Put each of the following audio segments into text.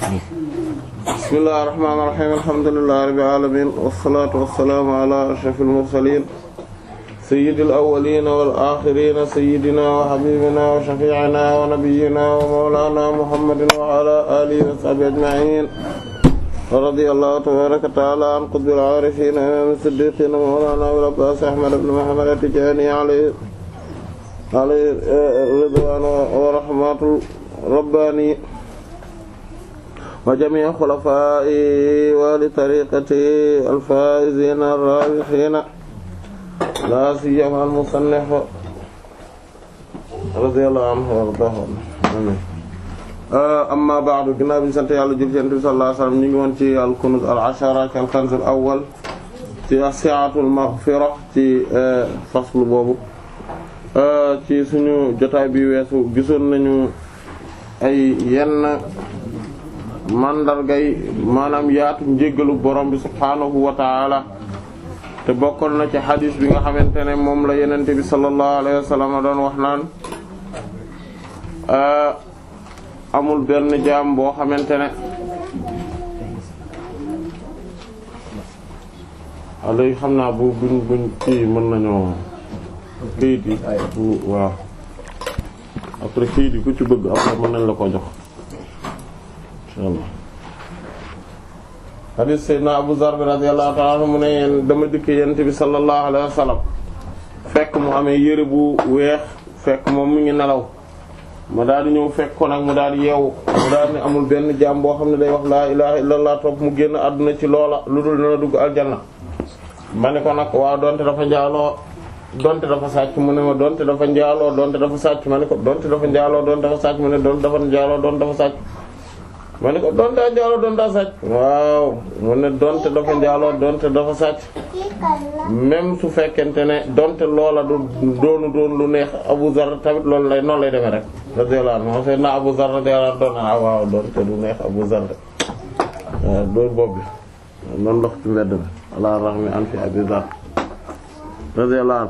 bismillahir rahmanir rahim alhamdulillahi rabbil alamin wassalatu wassalamu ala ashrafil mursalin sayyidil awwalin wal akhirin sayyidina wa habibina wa shafi'ina wa nabiyyina wa mawlana muhammadin wa ala alihi wa sahbihi ajma'in radiyallahu tabaraka ta'ala an qutbil arifin imam as-siddiqin mawlana abul abbas ahmad ibn muhammad at-tijani alayhi alayhi eh, ridwan wa rahmatu rabbani wa jamii xulafaa'i wa li tariqati al-faa'iziina ar-raabihiina laa siyyamaa al-musannif radiyallahu anhu wa ardaahu amiin euh, amma ba'du ginnaaw bi ñu sant yàlla jël Yonent bi sallallahu alayhi ñu ngi woon ci al-kunuuz al-ashara ci al-kanz al-awwal ci as-si'atul maghfira ci euh, faslu boobu euh, ci suñu jotaay bi weesu gisoon nañu ay yenn mandargay maanaam yaatu njégalu borom bi subhaanahu wa taala te bokkoon na ci xadis bi nga xamante ne moom la yenente bi sallallahu alayhi wa sallam doon wax naan ah, amul benn jaam boo xamante ne léegi xam naa bu buñ mën nañoo këyit yi waaw après këyit ku ci bëgg après mën nañ la ko jox allah xadiis naa abu zarr radiyallahu ta'ala anhu mu ne dama dikk yent bi sallallahu alayhi wa sallam fekk mu amee yére bu weex fekk moom mu ngi nelaw ma daal di ñëw fekk ko nag mu daal di yeewu mu daal amul benn jaam boo xam ne day wax laa ilaha laa topp mu génn àdduna ci loola lu dul dana dugg aljanna ma ne ko nag waaw donte dafa njaaloo donte dafa sàcc mu ne ma donte dafa njaaloo donte dafa sàcc ma ne ko donte dafa njaaloo mu ne donte dafa njaaloo donte dafa sàcc ma ne ko donte njaaloo donte a sàcc waaw mu ne donte dafa njaaloo donte dafa sàcc même su fekkente ne donte loola du doonu doon lu neex Abu Zar tamit loolu lay noonu lay demee rek radiyallahu anhu seen na Abu Zar radiyallahu doon a ah, waaw donte du neex Abu Zar waaw dóor bopp bi noonu ndox ci mbedd mi ala raxmi an fi Abu Zar radiyallahu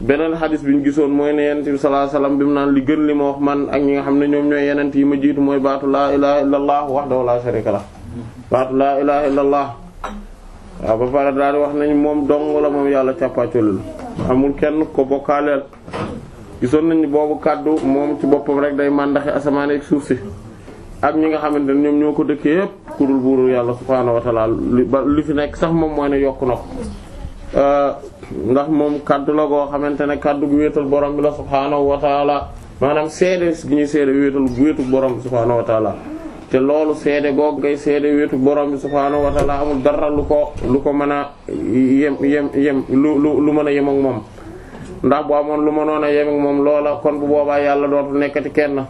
beneen xadis bi ñu gisoon mooy ne yenent bi sallallahu alayhi wasallam bi mu naan li gën li ma wax man ak ñi nga xam ne ñoom ñooy yenent yi ma jiitu mooy baatu laa ilaha laa wax wahdahu la sharika la baatu laa ilaha illa allah waaw ba pare daal di wax nañu moom dong la moom yàlla càppaacalul amul kenn ko bokkaaleel gisoon nañ boobu kàddu moom ci boppam rek day màndaxe asamaan ak suuf si ak ñi nga xamante ne ñoom ñoo ko dëkkee yépp ku dul buuru yàlla subhaanahu wa ta'ala fi nekk sax moom mooy ne yokku na ko Euh, ndax moom kaddu la goo xamante ne kaddu gu wetul borom bi la subhaanahu wa taala maanaam seede gi ñuy seede wéetal borom bi subhaanahu te loolu seede goog ngay seede wéetu borom bi subhaanahu wa taala amul dara lu ko lu ko mën a yem yem yem lu lu lu mën a yem moom ndax bu amoon lu mënoon a yem moom loola kon bu boobaa yàlla dootu nekkati kenn. na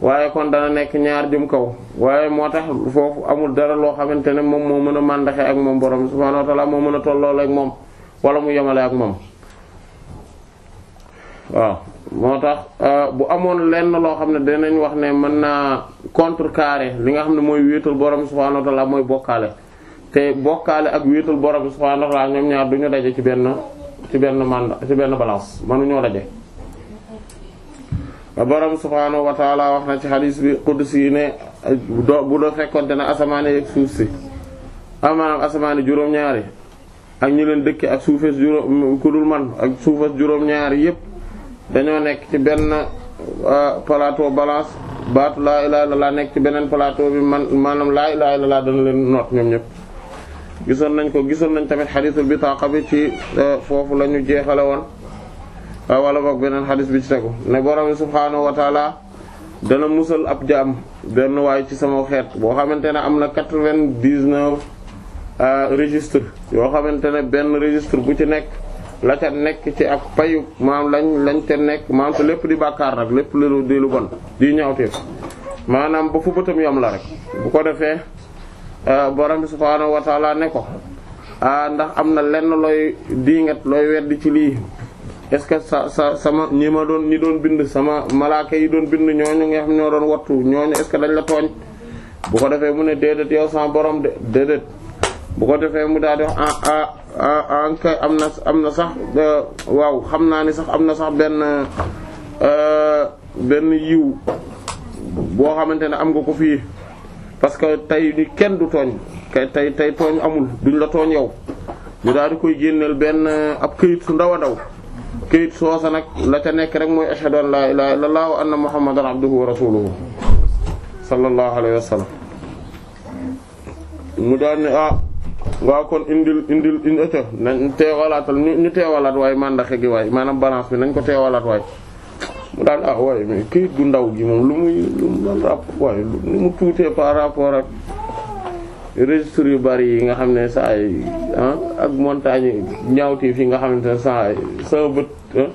waaye kon dana nekk ñaar jëm kaw waaye moo tax foofu amul dara loo xamante ne moom moo mën a màndaxe ak moom borom subhaanahu wa moo mën a tolloole ak moom wala mu yemale ak moom waaw moo tax euh, bu amoon lenn loo xam ne danañ wax ne mën naa contrecarrer li nga xam ne mooy wéetal borom subhaanahu wa ta'aala mooy bokkaale te bokkaale ak wéetal borom subhaanahu wa ta'aala ñoom ñaar duñu daje ci benn ci benn manda ci benn balance mënuñoo daje. borom subhaanahu wa wax na ci xadis bi qudsi yi ne do bu doo fekkonte ne asamaan yeeg suuf si amaanaam asamaan juróom-ñaari ak ñu leen dëkke ak suufes juróom ku man ak suufes juróom-ñaari yépp dañoo nekk ci benn euh, plateau balance baatu laa ilaaha laa nekk ci beneen plateau bi man maanaam laa ilaaha illallaah dana leen noot ñoom ñëpp gisoon nañ ko gisoon nañ tamit xadiisul bitaaqa bi ci euh, foofu lañu ñu jeexale woon Ah, wala boog beneen xadis bi ci tegu ne borom bi subhaanahu wa taala dana musal ab jaam benn waay ci sama xeet boo xamante ne am na quatre-vingt-dix-neuf ah, registre yoo xamante ne benn registre bu ci nekk la ca nekk ci ak payu maam lañ lañ te nekk maam te lépp di bàkkaar rek lépp lu di lu bon di ñawteef maanaam ba fu bëtam yam la rek bu ko defee ah, borom bi subhaanahu wa taala ne ko ah ndax am na lenn looy diingat looy weddi ci lii est-ce que sa sa sama ñi ma doon ñi doon bind sama malaaka yi doon bind ñooñu nga xam ñoo doon wattu ñooñu est-ce que dañ la tooñ bu ko defee mu ne déedéet yow sama borom de déedéet bu ko defee mu daal di wax ah, ah, ah, am na am na sax euh, waaw xam naa ni sax am na sax benn euh, benn yiw xamante ne am nga ko fii parce que tey ni kenn du tooñ kay tey tey tooñ amul duñ la tooñ yow ñu daal di koy génneel benn euh, ab këyit su ndaw a daw këyit soosa nag la ca nekk rek mooy ashhadu an laa ilaaha illallaah wa anna muhammadan abduhu wa rasuluhu sallallahu wa sallam mu daal ne ah waaw kon indi indil indi ëcc nañ teewalaatal ñu teewalaat waaye mandaxe gi waaye maanaam balance bi nañ ko teewalaat waaye mu daan ah waaye mais këyit gu ndaw gi moom lu muy lu mu rapport waaye lu mu tuutee par rapport ak registre yu bari yi nga xam ne saa yi ah, ak montagne ñaawteef yi nga xamante ne saa yi sama bët ah,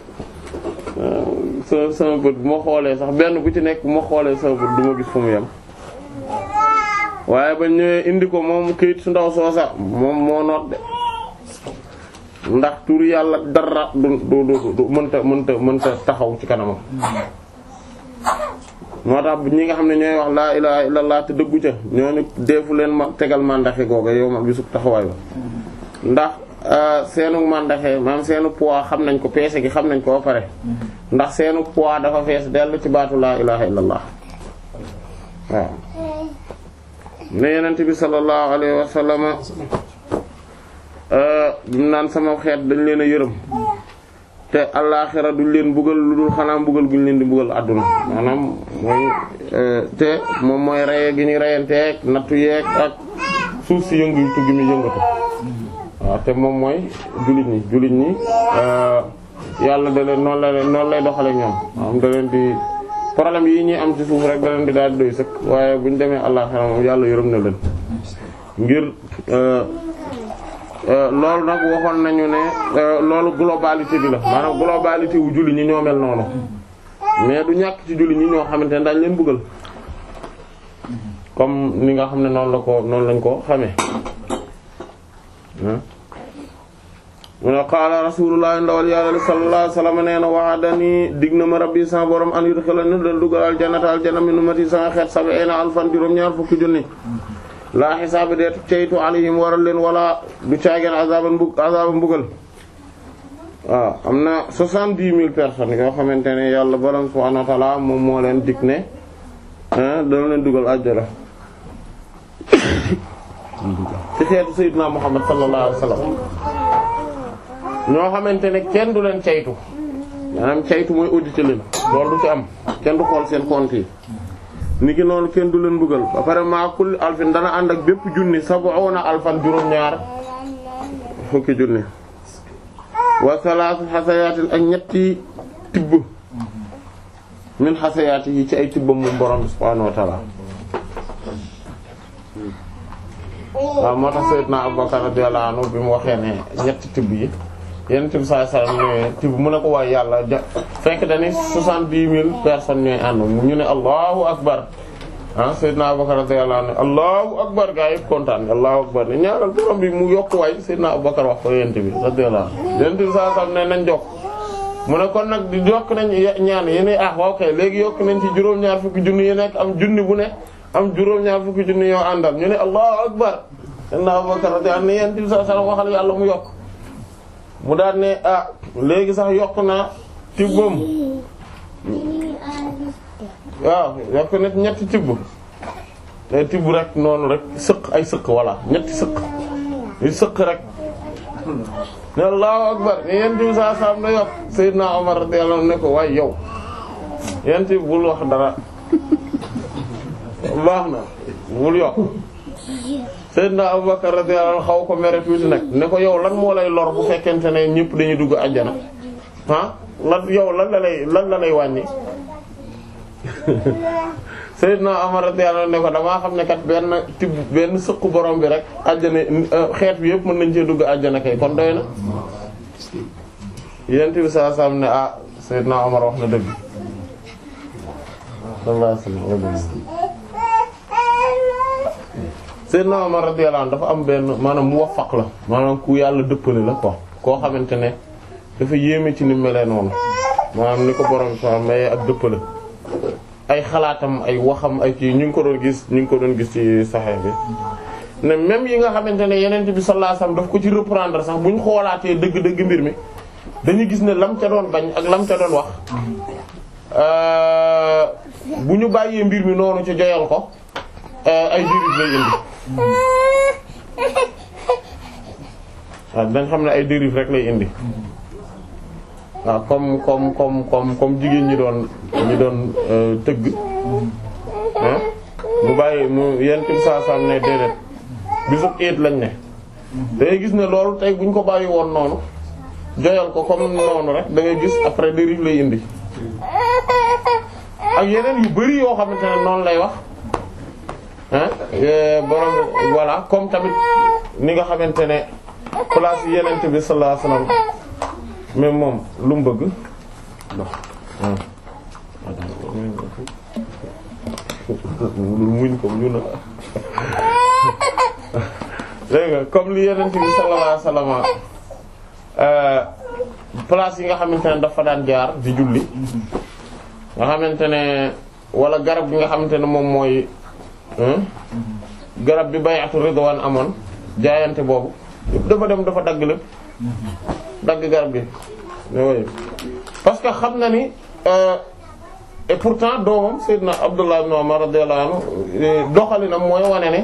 sa sama bët bu ma xoolee sax benn bu ci nekk ma xoolee sama bët gis fu mu yem waaye ba ñëwee indi ko moom këyit su ndaw soosa moom moo noot de ndax tur yàlla dara du du du mënta mënta mënta taxaw ci kanamam moo tax ñi nga xam ne ñooy wax laa ilaha illallah te dëggu ca ñooñu deefu leen ma tegal mandaxe googa yow ma bisub taxawaay ba ndax euh, seenu mandaxe maanaam seenu poids xam nañ ko peese gi xam nañ ko ba pare ndax seenu poids dafa fees dell ci baatu laa ilaha illallah waaw ne yenent bi sallallahu alayhi wa euh, mu naan sama xeet dañ leen a yërëm te allaaxira duñ leen buggal lu dul xanaa mbugal guñ leen di mbugal àdduna maanaam mooy euh, te moom mooy reye gi ñu reyanteeg nattu yeeg ak suuf si yëngu yu tugg mi yëngatu waaw te moom mooy jullit ñi jullit ñi euh, yàlla da leen noonu la leen lay doxale ñoom maanaam da leen di problème yi ñuy am ci suuf rek da leen di daal di doy sëkk waaye bu ñu demee allaaxira moom yàlla yërëm na leen ngir euh, Euh, loolu nag waxoon nañu ne euh, loolu globalité bi la maanaam globalité wu julli ñi ñoo mel noonu mais du ñàkk ci julli ñi ñoo xamante ne dañ leen bëggal comme ni nga xam ne noonu la ko noonu lañ ko xamee mu ne qaala rasulullah ndawal yàlla sallallahu alayhi wasallam nee na wa'adani dig na ma rabbi sama borom an yudkhilani dal dugal aljannata aljanna min ummati sama xeet sab'ina alfan juróom ñaar fukki junni laa xisaaba dee teytu alayhim waral leen wala du caageen azaban bug azaban mbugal waaw am na soixante-dix mille personnes yoo xamante ne yàlla borom subhaanahu moom moo leen dig ne dana leen dugal àjjana ci xeetu sayyidina Muhammad sallallahu alayhi ñoo xamante ne kenn du leen caytu maanaam caytu mooy auditer leen du ci am kenn du xool seen compte ni ki noonu kenn du leen buggal ba pare maa kulli alfin dana ànd ak bépp junni sab'una alfan juróom-ñaar fukki junni wa salaasu xasayaatin ak ñetti tibb min xasayaati yi ci ay tibbam moom borom subhaanahu wa ta'aala waaw moo tax Seydina Abubakar radiyallahu anhu bi mu waxee ne ñetti tibb yi yenn tib saa saa ñooy tib mu ne ko waaye yàlla ja fekk dañuy soixante-dix mille personnes ñooy ànd ñu ne allahu akbar ah Seydina Abubakar radiyallahu anhu allahu akbar gaa kontaan allahu akbar ne mu yokk waay Seydina Abubakar wax ko yent bi bi saa saa ne nañ mu ne kon nag di yokk nañ ñaan yene ah léegi yokk nañ ci juróom fukki junni yi am junni bu ne am juróom-ñaar fukki junni yoo àndal ñu ne allahu akbar Seydina Abubakar radiyallahu anhu ne yent bi saa saa waxal yàlla mu yokk mu daal ne ah léegi sax yokk na tibbam waaw yokk na ñetti tibb day tibb rek noonu rek sëq ay sëq walla ñetti sëq yu sëq rek ne allahu akbar ne yenti bi saa saam na yokk Seydina Omar radiyallahu ne ko waaye yow yenti bul wax dara baax na bul yokk Seydina Abubakar radiyallahu anhu xaw ko mere tuuti nag ne ko yow lan moo lay lor bu fekkente ne ñépp dañuy dugg àjjana ah lan yow lan la lay lan la lay wàññi. Seydina Umar radiyallahu anhu ne ko damaa xam ne kat benn tibb benn sëqu borom bi rek àjjana euh, xeet bi yëpp mën nañ cee dugg àjjana kay kon doy na. Yonent bi sallallahu alayhi wasallam ne ah Seydina Umar wax na dëgg. Seydina Omar radiyallahu anhu dafa am benn maanaam mu muwaffaq la maanaam ku yàlla dëppale la ko koo xamante ne dafa yéeme ci ni melee noonu maanaam ni ko borom sax mayee ak dëppale ay xalaatam ay waxam ay kii ñu ngi ko doon gis ñu ngi ko doon gis ci saxee bi ne même yi nga xamante ne yeneen bi sallallahu alayhi wasallam daf ko ci reprendre sax bu ñu xoolaatee dëgg-dëgg mbir mi dañu gis ne lam ca doon bañ ak lam ca doon wax euh, bu ñu bàyyee mbir mi noonu ci joyal ko euh, ay jurib lay indi waaw dañ xam ne ay dérive rek lay indi waaw comme comme comme comme comme jigéen ñi doon ñi doon euh, tëgg bu bàyyi mu yenn tim saasam ne déedéet bisub eet lañ ne da gis ne loolu tey buñ ko bàyyi woon noonu joyal ko comme noonu rek da ngay gis après dérive lay indi ak yeneen yu bari yoo xamante ne noonu lay wax Euh, borom voilà comme tamit ni nga xamante ne place yi yenent bi sallallahu alayhi moom lu bëgg ndox nga comme li yenent bi euh, nga xamante ne dafa daan jaar di julli nga xamante ne walla garab gi nga xamante ne moom mooy Hmm? garab bi bay'atu ridwan amoon jaayante boobu dafa dem dafa dagg lépp dagg garab gi parce que xam na ni euh, et pourtant doomam Seydina Abdullah ibn Umar radiyallahu anhu euh, doxalinam mooy wane ne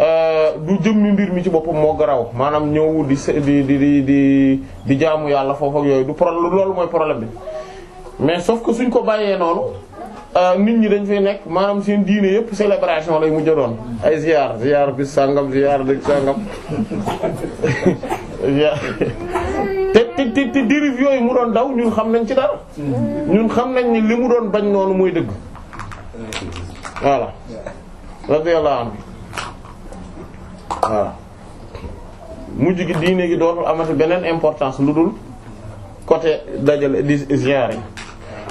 euh, du jëmmi mbir mi ci boppam moo garaw maanaam ñëw di di di di di jaamu yàlla foofu yooyu du problème loolu mooy problème bi mais sauf que suñ ko bàyyee noonu Euh, nit ñi dañ fay nekk maanaam seen diine yëpp célébration lay mujj doon ay ziar ziar bis sangam ziar dëgg sangam te te te dérive yooyu mu doon daw ñun xam nañ ci dara ñun xam nañ ni li mu doon bañ noonu mooy dëgg voilà radiyallahu anhu voilà mujj gi diine gi dootul amati beneen importance lu dul côté dajale di ziar yi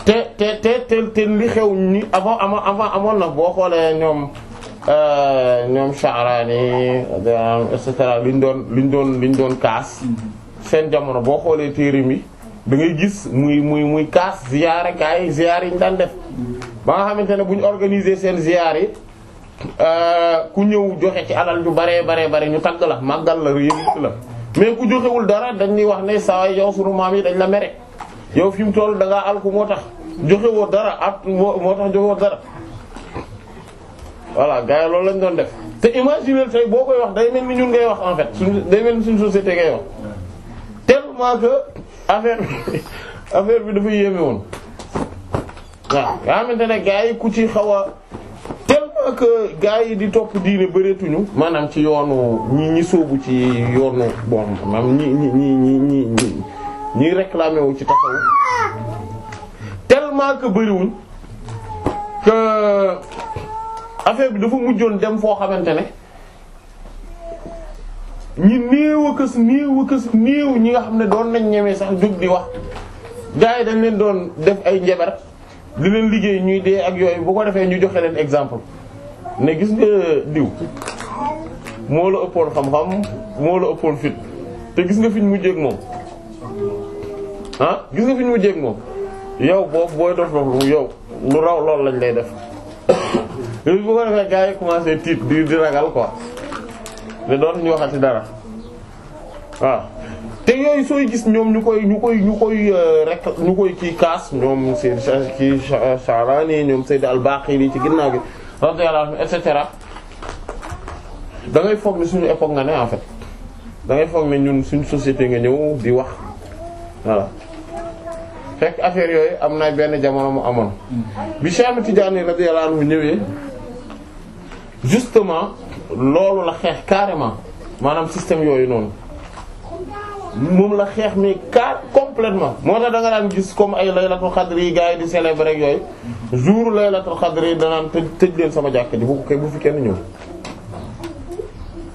te te te te li xew ni avant avant avant amoon na boo xoolee ñoom euh, ñoom Sha'rani et cetera liñ doon liñ doon liñ doon kaas mm-hmm. seen jamono boo xoolee téere mi da ngay gis muy muy muy kaas ziyaare gaa yi ziyaare yi ñu daan def mm-hmm. ba nga xamante ne bu ñu organiser seen ziyaare yi euh, ku ñëw joxe ci alal ju bare bare bare ñu tagg la màggal la yëngu la mais ku joxewul dara dañ ñuy wax ne saa yow sunu maam yi dañ la mere. yow fi mu toll da ngaa alku moo tax joxewoo woo dara at moo tax joxe dara voilà gars yi loolu lañ doon def te imaginer tey boo koy wax day mel ni ñun ngay wax en fait suñ day mel ni suñ société ngay wax tellement que affaire bi affaire bi dafa yéeme woon waaw nga xamante ne yi ku ci xaw a tellement que yi di topp diine bëreetuñu maanaam ci yoonu ñi ñi sóobu ci yoonu bon maanaam ñi ñi ñi ñi ñuy réclamer wu ci tasawuf tellement que bëriwuñ que affaire bi dafa mujjoon dem foo xamante ne ñi néew a kës néew kës néew ñi nga xam ne doon nañ ñemee sax jóg di wax gars yi dañ leen doon def ay njabar di leen liggéey ñuy dee ak yooyu bu ko defee ñu joxe leen exemple ne gis nga diw moo la ëppoon xam-xam moo la ëppoon fit te gis nga fi ñu mujjee ak moom. ah gis nga fi ñu mujjee moom yow boobu booy dof dof yow lu raw lool lañ lay def yooyu bu ko defee gars yi commencé tiit di di ragal quoi ne doon waxati dara waaw te yooyu sooy gis ñoom ñu koy ñu koy ñu euh, rek ñu koy kii kaas ñoom seen kii Sha'rani ñoom Sayyid al-Baqili ci ginnaaw gi radiyallahu anhu et cetera dangay foog ni suñu époque nga ne en fait da ngay foog ne ñun suñu société nga ñëw di wax voilà fekk affaire yooyu am na benn jamono mu amoon bi Cheikh Ahmed Tidiane radiyallahu anhu ñëwee justement loolu la xeex carrément maanaam système yooyu noonu moom la xeex mais car complètement moo tax danga daan gis comme ay laylatul xadr yi gars yi di célébrer yooyu jour laylatul xadr yi danaan tëj tëj leen sama jàkk ji bu ko kay bu fi kenn ñëw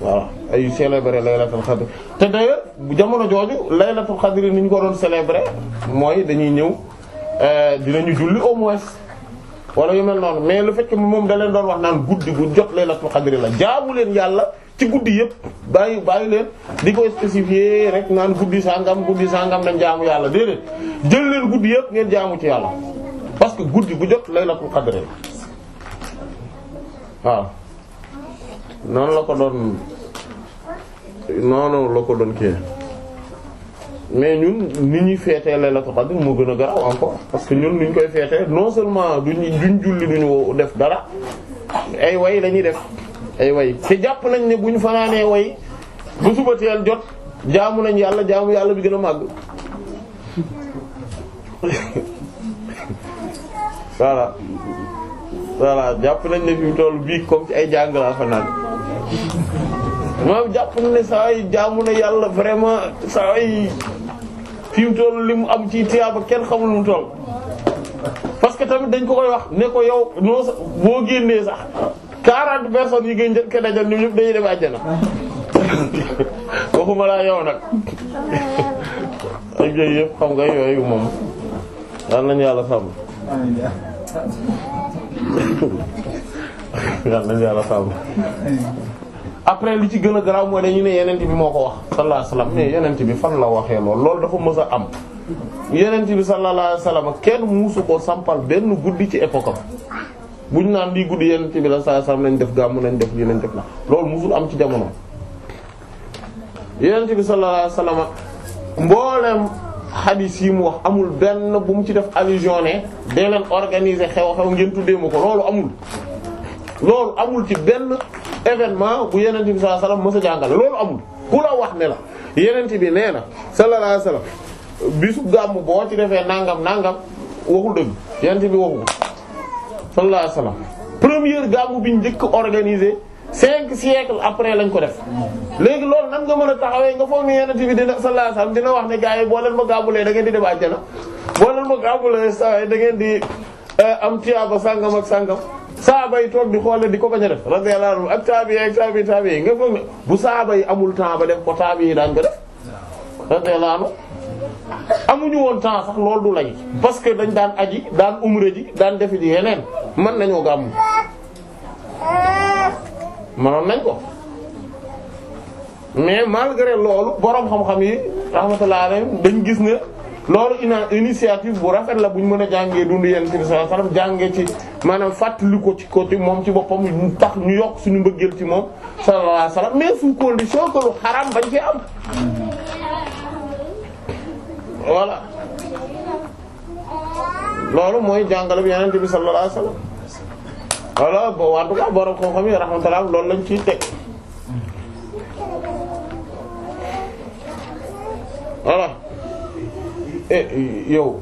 waaw ay célébrer laylatul xadr te d'ailleurs bu jamono jooju laylatul xadr ni ñu ko doon célébrer mooy dañuy ñëw euh, dinañu julli au moins wala yu mel noonu mais lu fekk moom da leen doon wax naan guddi gu jot laylatul xadr la jaamu leen yàlla ci guddi yëpp bàyyi bàyyi leen di ko spécifier rek naan guddi sangam guddi sangam dañ jaamu yàlla déedéet jël leen guddi yëpp ngeen jaamu ci yàlla parce que guddi bu jot laylatul xadr la waaw noonu la ko doon. noonu la ko doon kii mais ñun ni ñuy feetee Laylatul Qadr moo gën a garaw encore parce que ñun ni ñu koy feetee non seulement duñu duñ julli duñu def dara ay way lañuy def ay way te jàpp nañ ne bu ñu fanaanee way bu suba teel jot jaamu nañ yàlla jaamu yàlla bi gën a màgg voilà voilà jàpp nañ ne fi mu toll bii comme ci ay jàng laa fanaan maanaam jàpp na ne saa yi jaamu na yàlla vraiment saa yi fi mu li mu am ci tiyaaba kenn xamul mu toll. parce que tamit dañ ko koy wax ne ko yow non sax boo génnee sax quarante personnes yi ngay njëkk a dajal ñoom ñëpp dañuy dem àjjana waxuma laa yow yëpp xam nga yooyu moom daan yàlla sàmm. yàlla sàmm. après li ci gën a garaaw mooy dañu ne yenent bi moo ko wax sallallahu alayhi wasallam bi fan la waxee lool loolu dafa mës a am yenent bi sallallahu alayhi wasallam kenn muusu ko sampal benn guddi ci époque am bu ñu naan bii guddi yenent bi la sallallahu alayhi wasallam lañ def gàmm nañ def lii lañ def la loolu musul am ci jamono yenent bi sallallahu alayhi wasallam mboolem xadiis yi mu wax amul benn bu mu ci def allusion ne dee leen organiser xew xew ngeen tuddee ma ko loolu amul loolu amul ci benn événement bu yenente bi sallallahu alayhi wasallam mës a jàngale loolu amul ku la wax ne la yenente bi nee na sallallahu alayhi wasallam bisu gàmm boo ci defee nangam nangam waxul dëgg yenente bi waxul sallallahu alayhi wasallam première gàmm bi njëkk organisé cinq siècles après lañ ko def léegi loolu nan nga mën a taxawee nga foog ne yenente bi dina sallallahu alayhi wasallam dina wax ne gars yi boo leen ma gàmbulee da ngeen di dem àjjana boo leen ma gàmbulee saa da ngeen di euh, am tiyaaba sàngam ak sàngam saaba yi toog di xoole di ko bañ a def radiyallahu anhu ak taabi ak taabi taabi nga foog ne bu saaba yi amul temps ba def ko taabi yi daan ko def radiyallahu anhu amuñu woon temps sax loolu du lay parce que dañ daan aji daan umra ji daan defi ji yeneen mën nañoo gàmm mënoon nañ ko mais malgré loolu boroom xam-xam yi rahmatullahi alayhim dañ gis ne loolu ina initiative bu rafet la bu ñu mën a jàngee dundu yonent bi sallallahu alayhi jàngee ci maanaam fàttali ko ci côté moom ci boppam mu tax ñu yokk suñu mbëggeel ci moom sa alayhi wasallam mais sous condition que lu xaram bañ ci am voilà loolu mooy jàngale bi yonent bi sallallahu alayhi wasallam voilà bon en tout cas loolu lañ ciy teg voilà. Eh, yow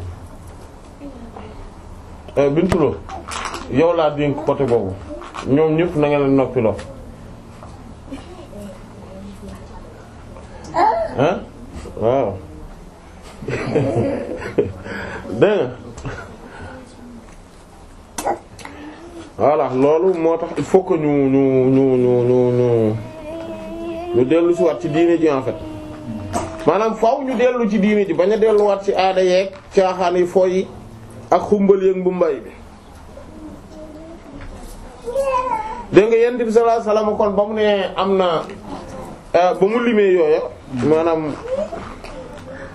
eh, bintuloo yow laa dénk côté boobu ñoom ñëpp na nga leen noppiloo ah waaw dégg nga voilà loolu moo tax il faut que ñu ñu ñu ñu ñu ñu dellu ci waat ci diine ji en fait maanaam faaw ñu dellu ci diini ji bañ a delluwaat ci aada yeeg caaxaan yi foo yi ak xumbal yëg bu mbay bi dégg nga yonent bi sallallahu alayhi wasallam kon ba mu ne am na euh, ba mu limee yooya maanaam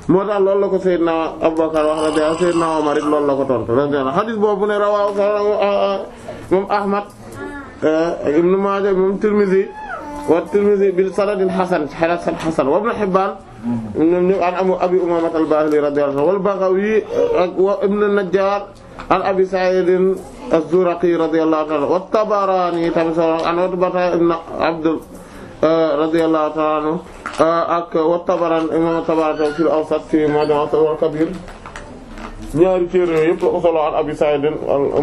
moo tax loolu la ko Seydina Abubakar wax la de Seydina Omar it loolu la ko tontu radiyallahu xadis boobu ne rawaaw euh, moom Ahmad euh, ibn Maaja moom Tirmidhi wa Tirmidhi bil sanadin hasan hasan wa Ibn Hibbaan ñoom ñëpp an abi umamat al-bahili radiyallahu anhu wal baghawi ak ibn an abi sa'id az-zuraqi radiyallahu ta'ala tabarani tamit solo an utbata ibn abd uh, radiyallahu ta'ala anhu uh, tabarani imam tabarani fil kabir ñaari téere yooyu yëpp la ko an Abi Sa'id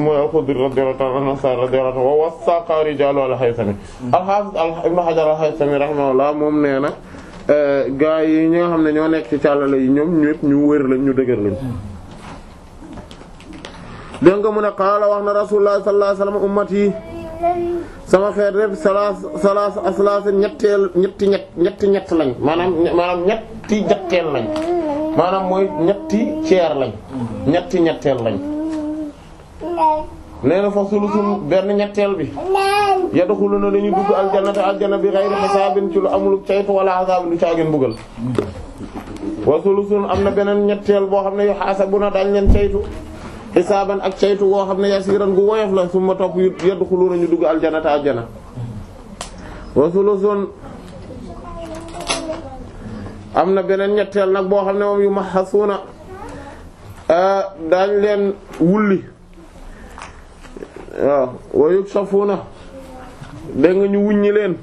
mooy al-Khudri radiyallahu ta'ala anhu radiyallahu anhu wa wassaqa rijalu al-Haythami al-Hafiz Ibn Hajar al-Haythami rahimahullah moom nee Euh, gaa yi ñi nga xam ne ñoo nekk ci càllale yi ñoom ñépp ñu wër lañ ñu dëgër lañ dégg mu ne qaala wax na rasulullah sallallahu alayhi wasallam ummati sama xeet rek salaas salaas aslaasa ñetti ñett ñetti ñett lañ maanaam maanaam ñetti ñetteel lañ maanaam mooy ñetti ceer lañ ñetti ñetteel lañ nee na fa sulusun benn ñetteel bi yadxuluna dañuy dugg aljannata aljana bi ghayri hisaabin ci lu amul caytu wala azaabin du caagin mbugal wa sulusun am na beneen ñetteel boo xam ne yu xaasabuna dañ leen caytu xisaaban ak caytu woo xam ne yasiran gu woyof la suma topp yadxuluna ñu dugg aljanata aljana wa sulusun am na beneen ñetteel nag boo xam ne moom yu maxasuuna ah, daañ leen wulli waaw wayub safuuna dégg nga ñu wuññi leen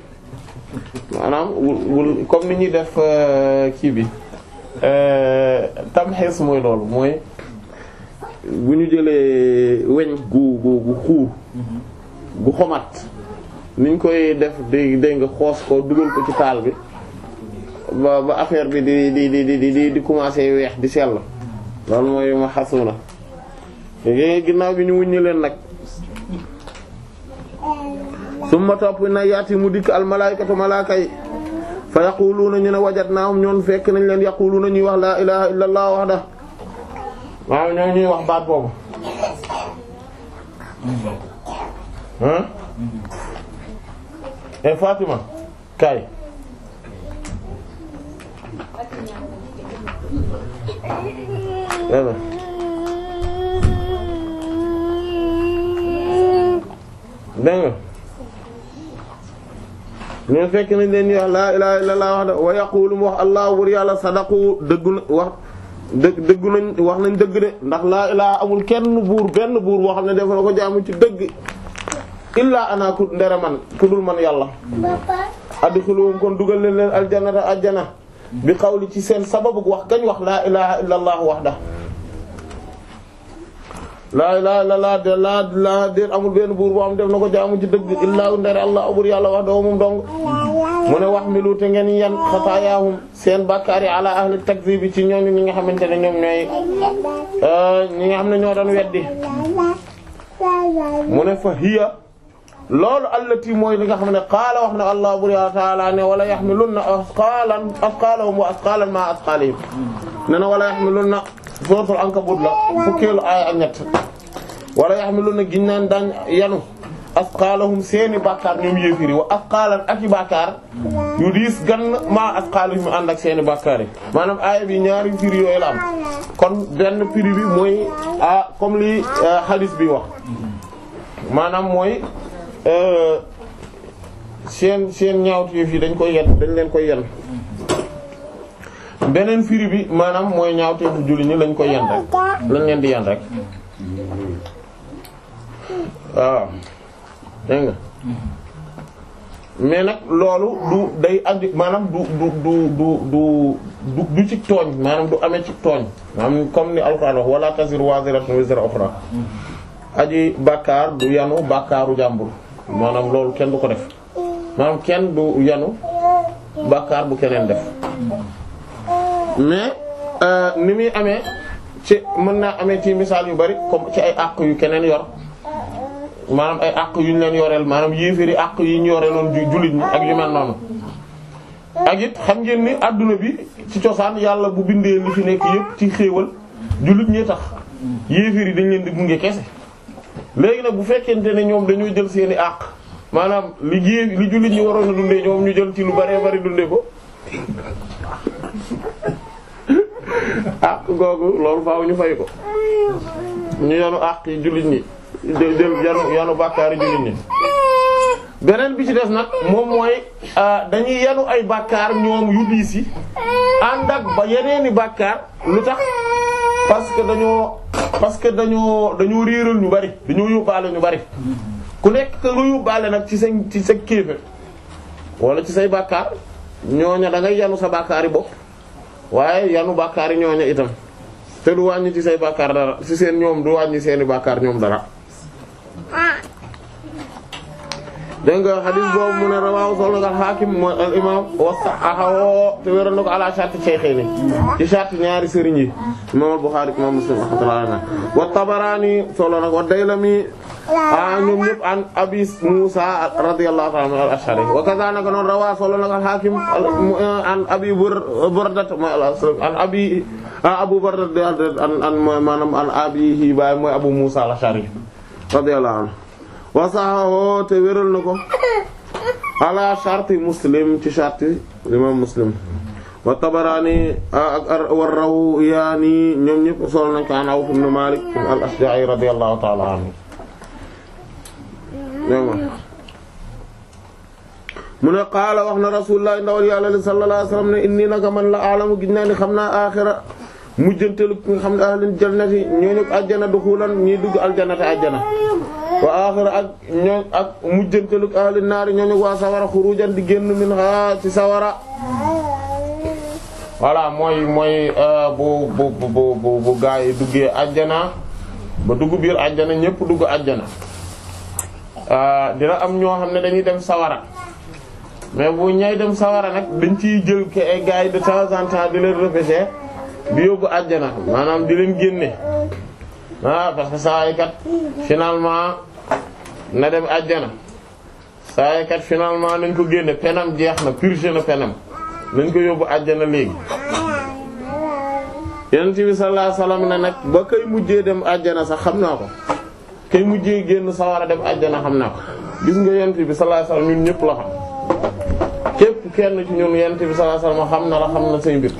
maanaam wul comme ni ñuy def euh, kii bi euh, tamxees mooy loolu mooy bu ñu jëlee weñ gu gu xuur gu xomat niñ koy def dé dégg nga xoos ko dugal ko ci taal bi ba ba affaire bi di di di di di di weex di sell loolu mooy ma xasuna léegi ginnaaw bi ñu wuññi leen nag summa topp na yaati mu dikk almalaykatu malaaka yi fa yaquluuna ñu ne wajadnaahum ñoon fekk nañ leen yaquluuna ñuy wax laa ilaha illa allah wahda waaw ñoo ñuy wax baat boobu ah e Fatima kay dégg nga ñoom fekk nañ leen ñuy laa ilaaha illallaah wax da wa yaqulu mu wax allah wur yàlla sadaqu dëggu na wax dëggu nañ wax nañ dëgg de ndax laa ilaaha amul kenn buur benn buur boo xam ne def na ko jaamu ci dëgg illaa ana ku ndere man ku dul man yàlla adxuluhum kon dugal leen leen aljanata aljana bi xawli ci seen sababu wax gañ wax laa ilaaha illallaah wax da laa laa la laa laa laa déet amul benn buur boo xam def na ko jaamu ci dëgg illaa ndare allah abur yàlla wax doo moom dong mu ne wax milu te ngeen yan xataayaahum seen bàkkaar yi ala ahli takzibi ci ñooñu ñi nga xamante ne ñoom ñooy euh, ñi nga xam ne ñoo doon weddi mu ne fa hiya loolu allati mooy li nga xam ne qaala wax na allah abur yàlla taala ne wala yaxmilunna asqaalan asqaalahum wa asqaalan ma asqaalihim ne na wala yaxmilunna suratul ankabut la fukkeelu aaya ak ñett wala yahmiluna giñ naan daañ yanu asqaalahum seeni bàkkaar ñoom yéefiri wa asqaalan ak i bàkkaar yu diis gann maa asqaalahum ànd ak seeni bàkkaar yi maanaam aaya bi ñaari firi yooyu la am kon benn firi bi mooy a comme li hadith bi wax maanaam mooy seen seen ñaawtu yi dañ koy yenn dañ leen koy yen beneen firi bi maanaam mooy ñaawteefu julli ñi lañ koy yenn rek lañ leen di yenn rek waaw dégg mais nag loolu du day aju maanaam du du du du ci tooñ maanaam du amee ci tooñ maanaam comme ni alxuraan wax wala taziru waziratun aji bàkkaar du yanu bàkkaaru jàmbur maanaam loolu kenn du ko def maanaam kenn du yanu bàkkaar bu keneen def mais euh, ni muy amee ci mën naa amee ci misaal yu bari comme ci ay àq yu keneen yor maanaam ay àq yu ñu yoreel maanaam yéeféeri àq yi ñu yoreeloon jullit ñi ak yu mel noonu ak it xam ngeen ni àdduna bi ci cosaan yàlla bu bindee li fi nekk yépp ci xéewal jullit ñee tax yéeféer yi dañ leen di gunge kese léegi nag bu fekkente ne ñoom dañoo jël seeni àq maanaam li li jullit ñi waroon a dundee ñoom ñu jël ci lu baree bari dundee ko àq googu loolu faaw ñu fay ko ñu yanu àq yi jullit ñi jël yanu yanu bàkkaari jullit ñi beneen bi ci des nag moom mooy euh, dañuy yanu ay bàkkaar ñoom yu biis yi ànd ak ba yeneeni bàkkaar lu tax parce que dañoo parce que dañoo dañoo réeral ñu bari dañoo yóbbaale ñu bari ku nekk lu yóbbaale nag ci sa ci sa kéefër wala ci say bàkkaar ñooña da ngay yanu sa bàkkaar yi bopp waaye yanu bàkkaar i ñooñu itam te du wàññi ci say bàkkaar dara si seen ñoom du wàññi seeni bàkkaar ñoom dara ah. dégg nga xadis boobu solo nga xaakim al imaam wa saxaxoo te ko ala shart shaykhayni ci ñaari sëriñ yi al Buxaari ak Muslim rahmatullahi alayhi solo nag wa Daylami a ah, ñoom an Abi Muusa radiyallahu ta'ala anhu al-Ash'ari wa kazaalika solo nag al an Abi Burdat mooy al an Abi ah, Abu mooy Abu Muusa al-Ash'ari radiyallahu anhu wa saxahu te wéral na ko ala sharti muslim ci sharti imam muslim wa tabaraani ak war ñoom ñëpp solo nañ ko an Awf ibn Malik mu ne qaala wax na rasulullah ndawal yàlla sallallahu inni naka la a'lamu gis naa ni mujjanteelu ki nga xam ne ahlul jannati ñoo ñëpp àjjana duxulan ñii dugg aljana te àjjana wa aaxira ak ñoo ak mujjanteelu ahlul naari ñoo waa sawara xurujan di génn minha ci sawara voilà mooy mooy euh, bu bu bu bu bu gaa yi duggee àjjana ba dugg biir àjjana ñëpp dugg àjjana euh, dina am ñoo xam ne dañuy dem sawara mais bu ñay dem sawara nag dañ ciy jël ay gaa yi de temps di yóbbu àjjana maanaam di leen génne ah parce que saa yi kat finalement na dem àjjana saa yi kat finalement nañ ko génne penam jeex na purgé na penam nañ ko yóbbu àjjana léegi. yonent bi sallallahu alayhi wasallam ne nag ba kay mujjee dem àjjana sax xam naa ko kay mujjee génn sawara dem àjjana xam naa ko gis nga yonent bi sallallahu alayhi wasallam ñun ñëpp la xam képp kenn ci ñun yonent bi sallallahu alayhi wasallam xam na la xam na say mbir.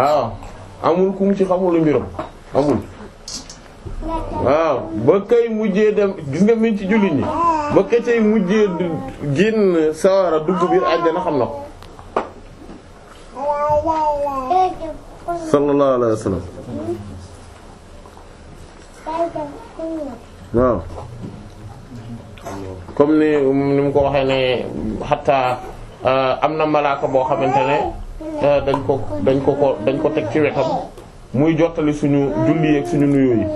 waaw amul ku mu ci xamul mbiram amul waaw ba kay mujjee dem gis nga min ci jullit ñi ba ka cay mujjee génn sawara dugg biir àjjana xam na ko sallallahu alayhi wa waaw comme ni ni mu ko waxee ne xataa euh, am na malaaka boo xamante ne Euh, dañ ko dañ ko ko dañ ko teg ci wetam muy jottali suñu julli ak suñu nuyoo yi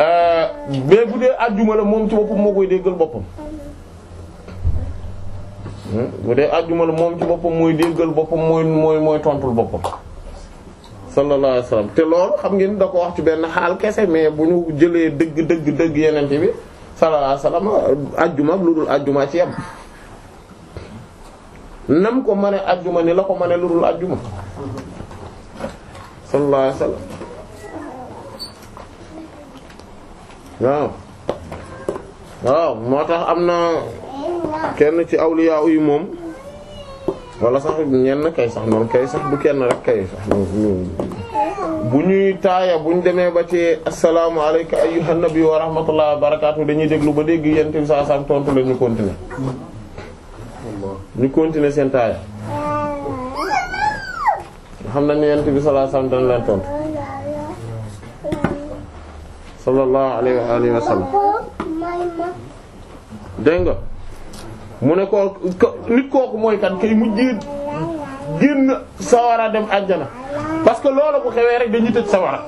euh, mais bu dee àjjuma la moom ci boppam moo koy déggal boppam hmm? bu dee àjjuma moom boppam mooy déggal boppam mooy mooy mooy tontul boppam sallallahu alayhi te loolu xam ngeen da ko wax ci benn xaal kese mais bu ñu jëlee dëgg dëgg dëgg yeneen bi sallallahu alayhi wasallam àjjuma lu dul àjjuma ci yam nam ko mane ajjuma ni la ko mane lu dul ajjuma sallallahu alayhi waaw waaw moo tax am na kenn ci awliya yi moom wala sax ñenn kay sax noonu kay sax du kenn rek kay sax bu ñuy taaya bu ñu demee ba ci assalaamu alayka ayyuhan nabi wa rahmatullahi wa barakatuh dañuy déglu ba dégg yent bi saa sam tontu la ñu ñu continuer seen taaya xam nañu yent bi sallallahu alayhi wasallam leen tontu sallallahu alayhi wa alihi wa sallam dégg nga mu ne kooku nit kooku mooy kan kay mujj génn sawara dem àjjana parce que loolu bu xewee rek dañuy tëj sawara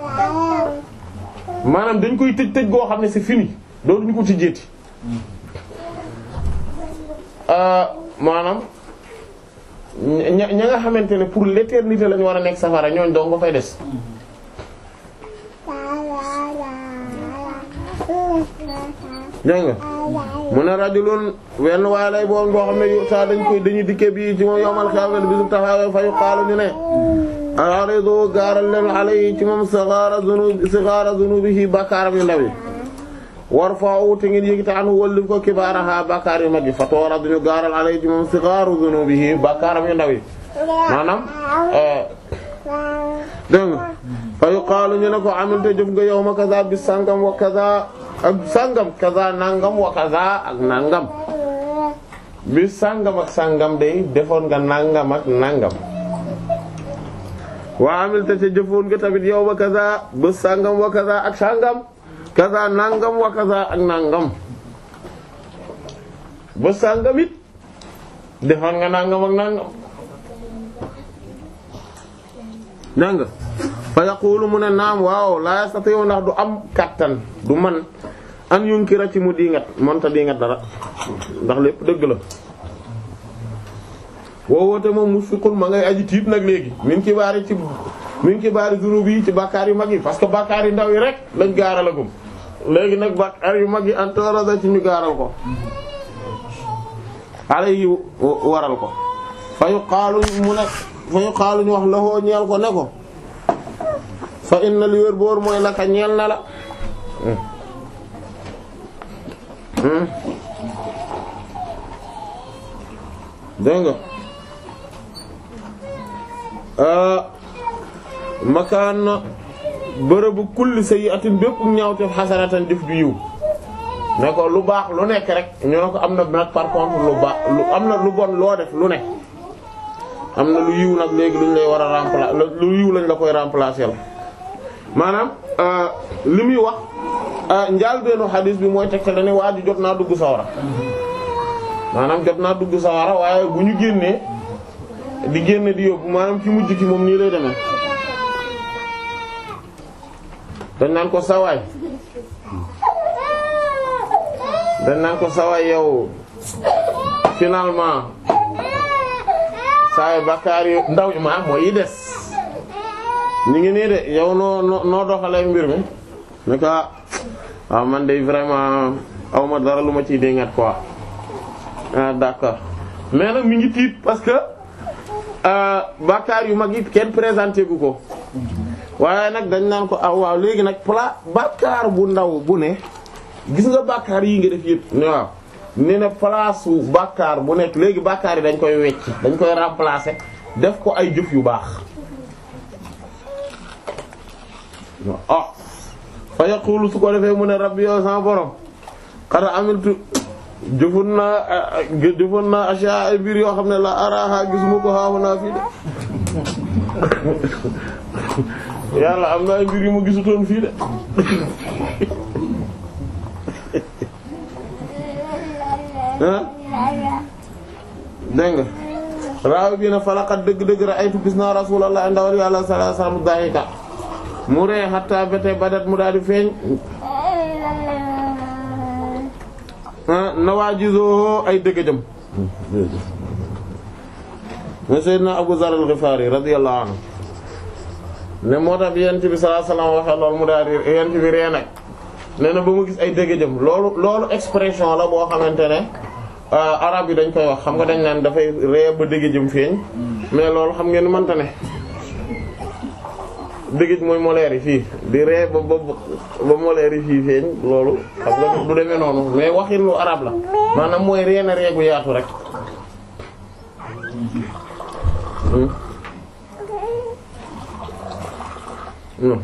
maanaam dañ koy tëj tëj goo xam ne c'est fini dootuñu ko tijjeeti. Euh, maanaam ña ña nga xamante ne pour l'éternité lañu war a nekk safara ñooñ dong nga fay des dégg nga mu ne rajulun wenn waaye lay boon boo xam ne yu saa dañ koy dañu dikke bii ci moom yowmal xiyaamat bisu taxawe fa yuqaalu ñu ne arido gaaral leen alayhi ci moom saxaara zunubi saxaara zunubihi bakkaaram yu ndaw warfa'u te ngeen yëgite an wallif ko kibaaraha bàkkaar yu mag yi fatoora duñu gaaral alay ci moom sigaaru zunubihi bàkkaaram yu ndaw yi maanaam euh, dégg fa yuqaalu ñu ko amilta jëf nga yow ma kaza bi kaza ak sangam kaza nangam wa kaza ak nangam bi ak sangam day defoon nga nangam ak nangam wa amilta te jëfoon nga tamit yow kaza bi wa kaza ak sangam kaza nangam wa kaza ak nangam ba sàngam it defar nga nangam ak nangam danga fa yaqulu mu ne naam waaw laa yastati yow ndax du am kàttan du man an yunkira ci mu dingat monta dingat dara ndax lépp dëgg la woowoote moom musfiqul ma ngay aji tiit nag léegi min kibaari ci min kibaari zunub yi ci bàkkaar yu mag yi parce que bàkkaar yu ndaw yi rek lañ gaaralagum léegi nag bàkkaar yu mag yi antorada ci ñu gaaral ko alayhi waral ko fa yuqaalu mu ne fa yuqaalu ñu wax laxoo ñeel ko ne ko fa inna li wér boor mooy laka ñeel na la dégg nga ah, makaan bërëbu kulli sayyi'atin bépp ñaawteef xasanatan jëf ju yiw ne ko lu baax lu nekk rek ñu ne ko am na nag par contre lu baax lu am na lu bon loo def lu nekk am na lu yiw nag léegi lu ñu lay war a remplacer lu yiw lañ la koy remplacer maanaam euh, li muy wax euh, njaalbeenu xadiis bi mooy tegtale ne waa ji jot naa dugg sawara maanaam jot naa dugg sawara waaye bu ñu génnee di génne di yóbbu maanaam ci mujj ci moom nii lay demee dañ naan ko sawaay dañ naan ko sawaay yow finalement saay bakkaar yu ndaw yi ma mooy yi des ñu ngi nii de yow noo noo noo mbir mi ne ko waaw ah, ah, man de vraiment awma dara lu ma ciy déngat quoi ah d'accord mais nag mi ngi tiit parce que euh, bakkaar yu mag yi kenn présenté gu ko. waaye nag dañ naan ko aw ah, waaw léegi nag pla bàkkaar bu ndaw bu ne gis nga bàkkaar yi nga def yëpp ne waaw ne na place bu nekk léegi bàkkaar yi dañ koy wecc dañ koy remplacer def ko ay jëf yu baax ah fa yaqulu su ko defee mu ne rabbi yow sama borom qad amiltu jëfoon naa eh, jëfoon naa achaa ay mbir yoo xam ne la araha gisuma ko xaaw naa fii de yàlla am na ay mbir yu ma gisutoon fii de dégg nga raaw bi na falakat dëgg-dëgg ra'aytu gis naa rasulallah ndawal yàlla sallallahu alayhi daayika mu ree xataa bete badat mu daal di feeñ na waajizoo ay dëgëjëm hmm, ma sayyidna Abu Zar al-Ghifari radiyallahu anhu ne moo tax bi yent bi sallallahu alayhi wasallam waxee loolu mu daal di yent bi ree nag nee na ba mu gis ay dëgg loolu loolu expression la boo xamante ne euh, arab yi dañ koy wax xam nga dañ naan dafay ree ba dëgg-jëm feeñ mais loolu xam ngeen mënta ne dëgg mooy molaire yi fii di ree ba ba ba molaire yi fii loolu xam nga du demee noonu mais waxin lu arab la maanaam mooy ree na ree gu yaatu rek. Hmm? Mm.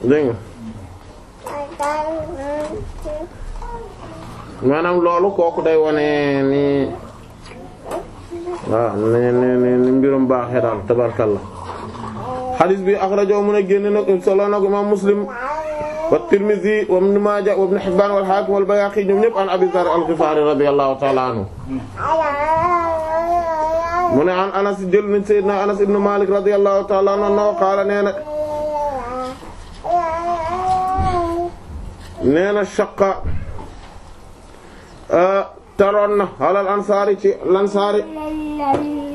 dégg loolu kooku day wone ni waaw ne ne ni mbirum baaxee daal tabarakallah xadis bi axrajo mun a génne na solo na ko imaam Muslim wa Tirmizi wa Ibn Maaja wa Ibn Hibbaan wal Haakim wal Bayhaqi ñoom ñëpp an Abi Zarr al-Ghifari radiyallahu mu ne an anas jël nañ sayyidna anas ibnu malik radiyallahu ta'ala anhu qaala nee na nee na shaqa euh, taroon na alal ansaari ci lansaari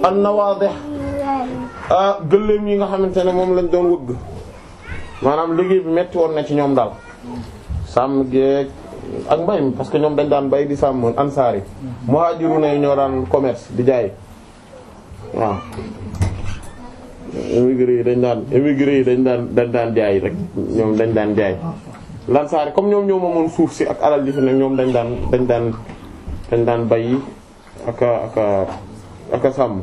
an nawaadih euh, gëléem yi nga xamante ne moom lañ doon wëgg maanaam liggéey bi metti woon na ci ñoom daal sàmm geeg ak mbay parce que ñoom dañ daan bay di sàmm ansaari muhaajiru na ñoo daan commerce di jaay waaw émigré yi dañ daan émigré yi dañ daan dañ daan jaay rek ñoom dañ daan jaay lansaari comme ñoom ñoo moomoon suuf si ak alal ji fi nag ñoom dañ daan dañ daan dañ daan bayyi ak a sàmm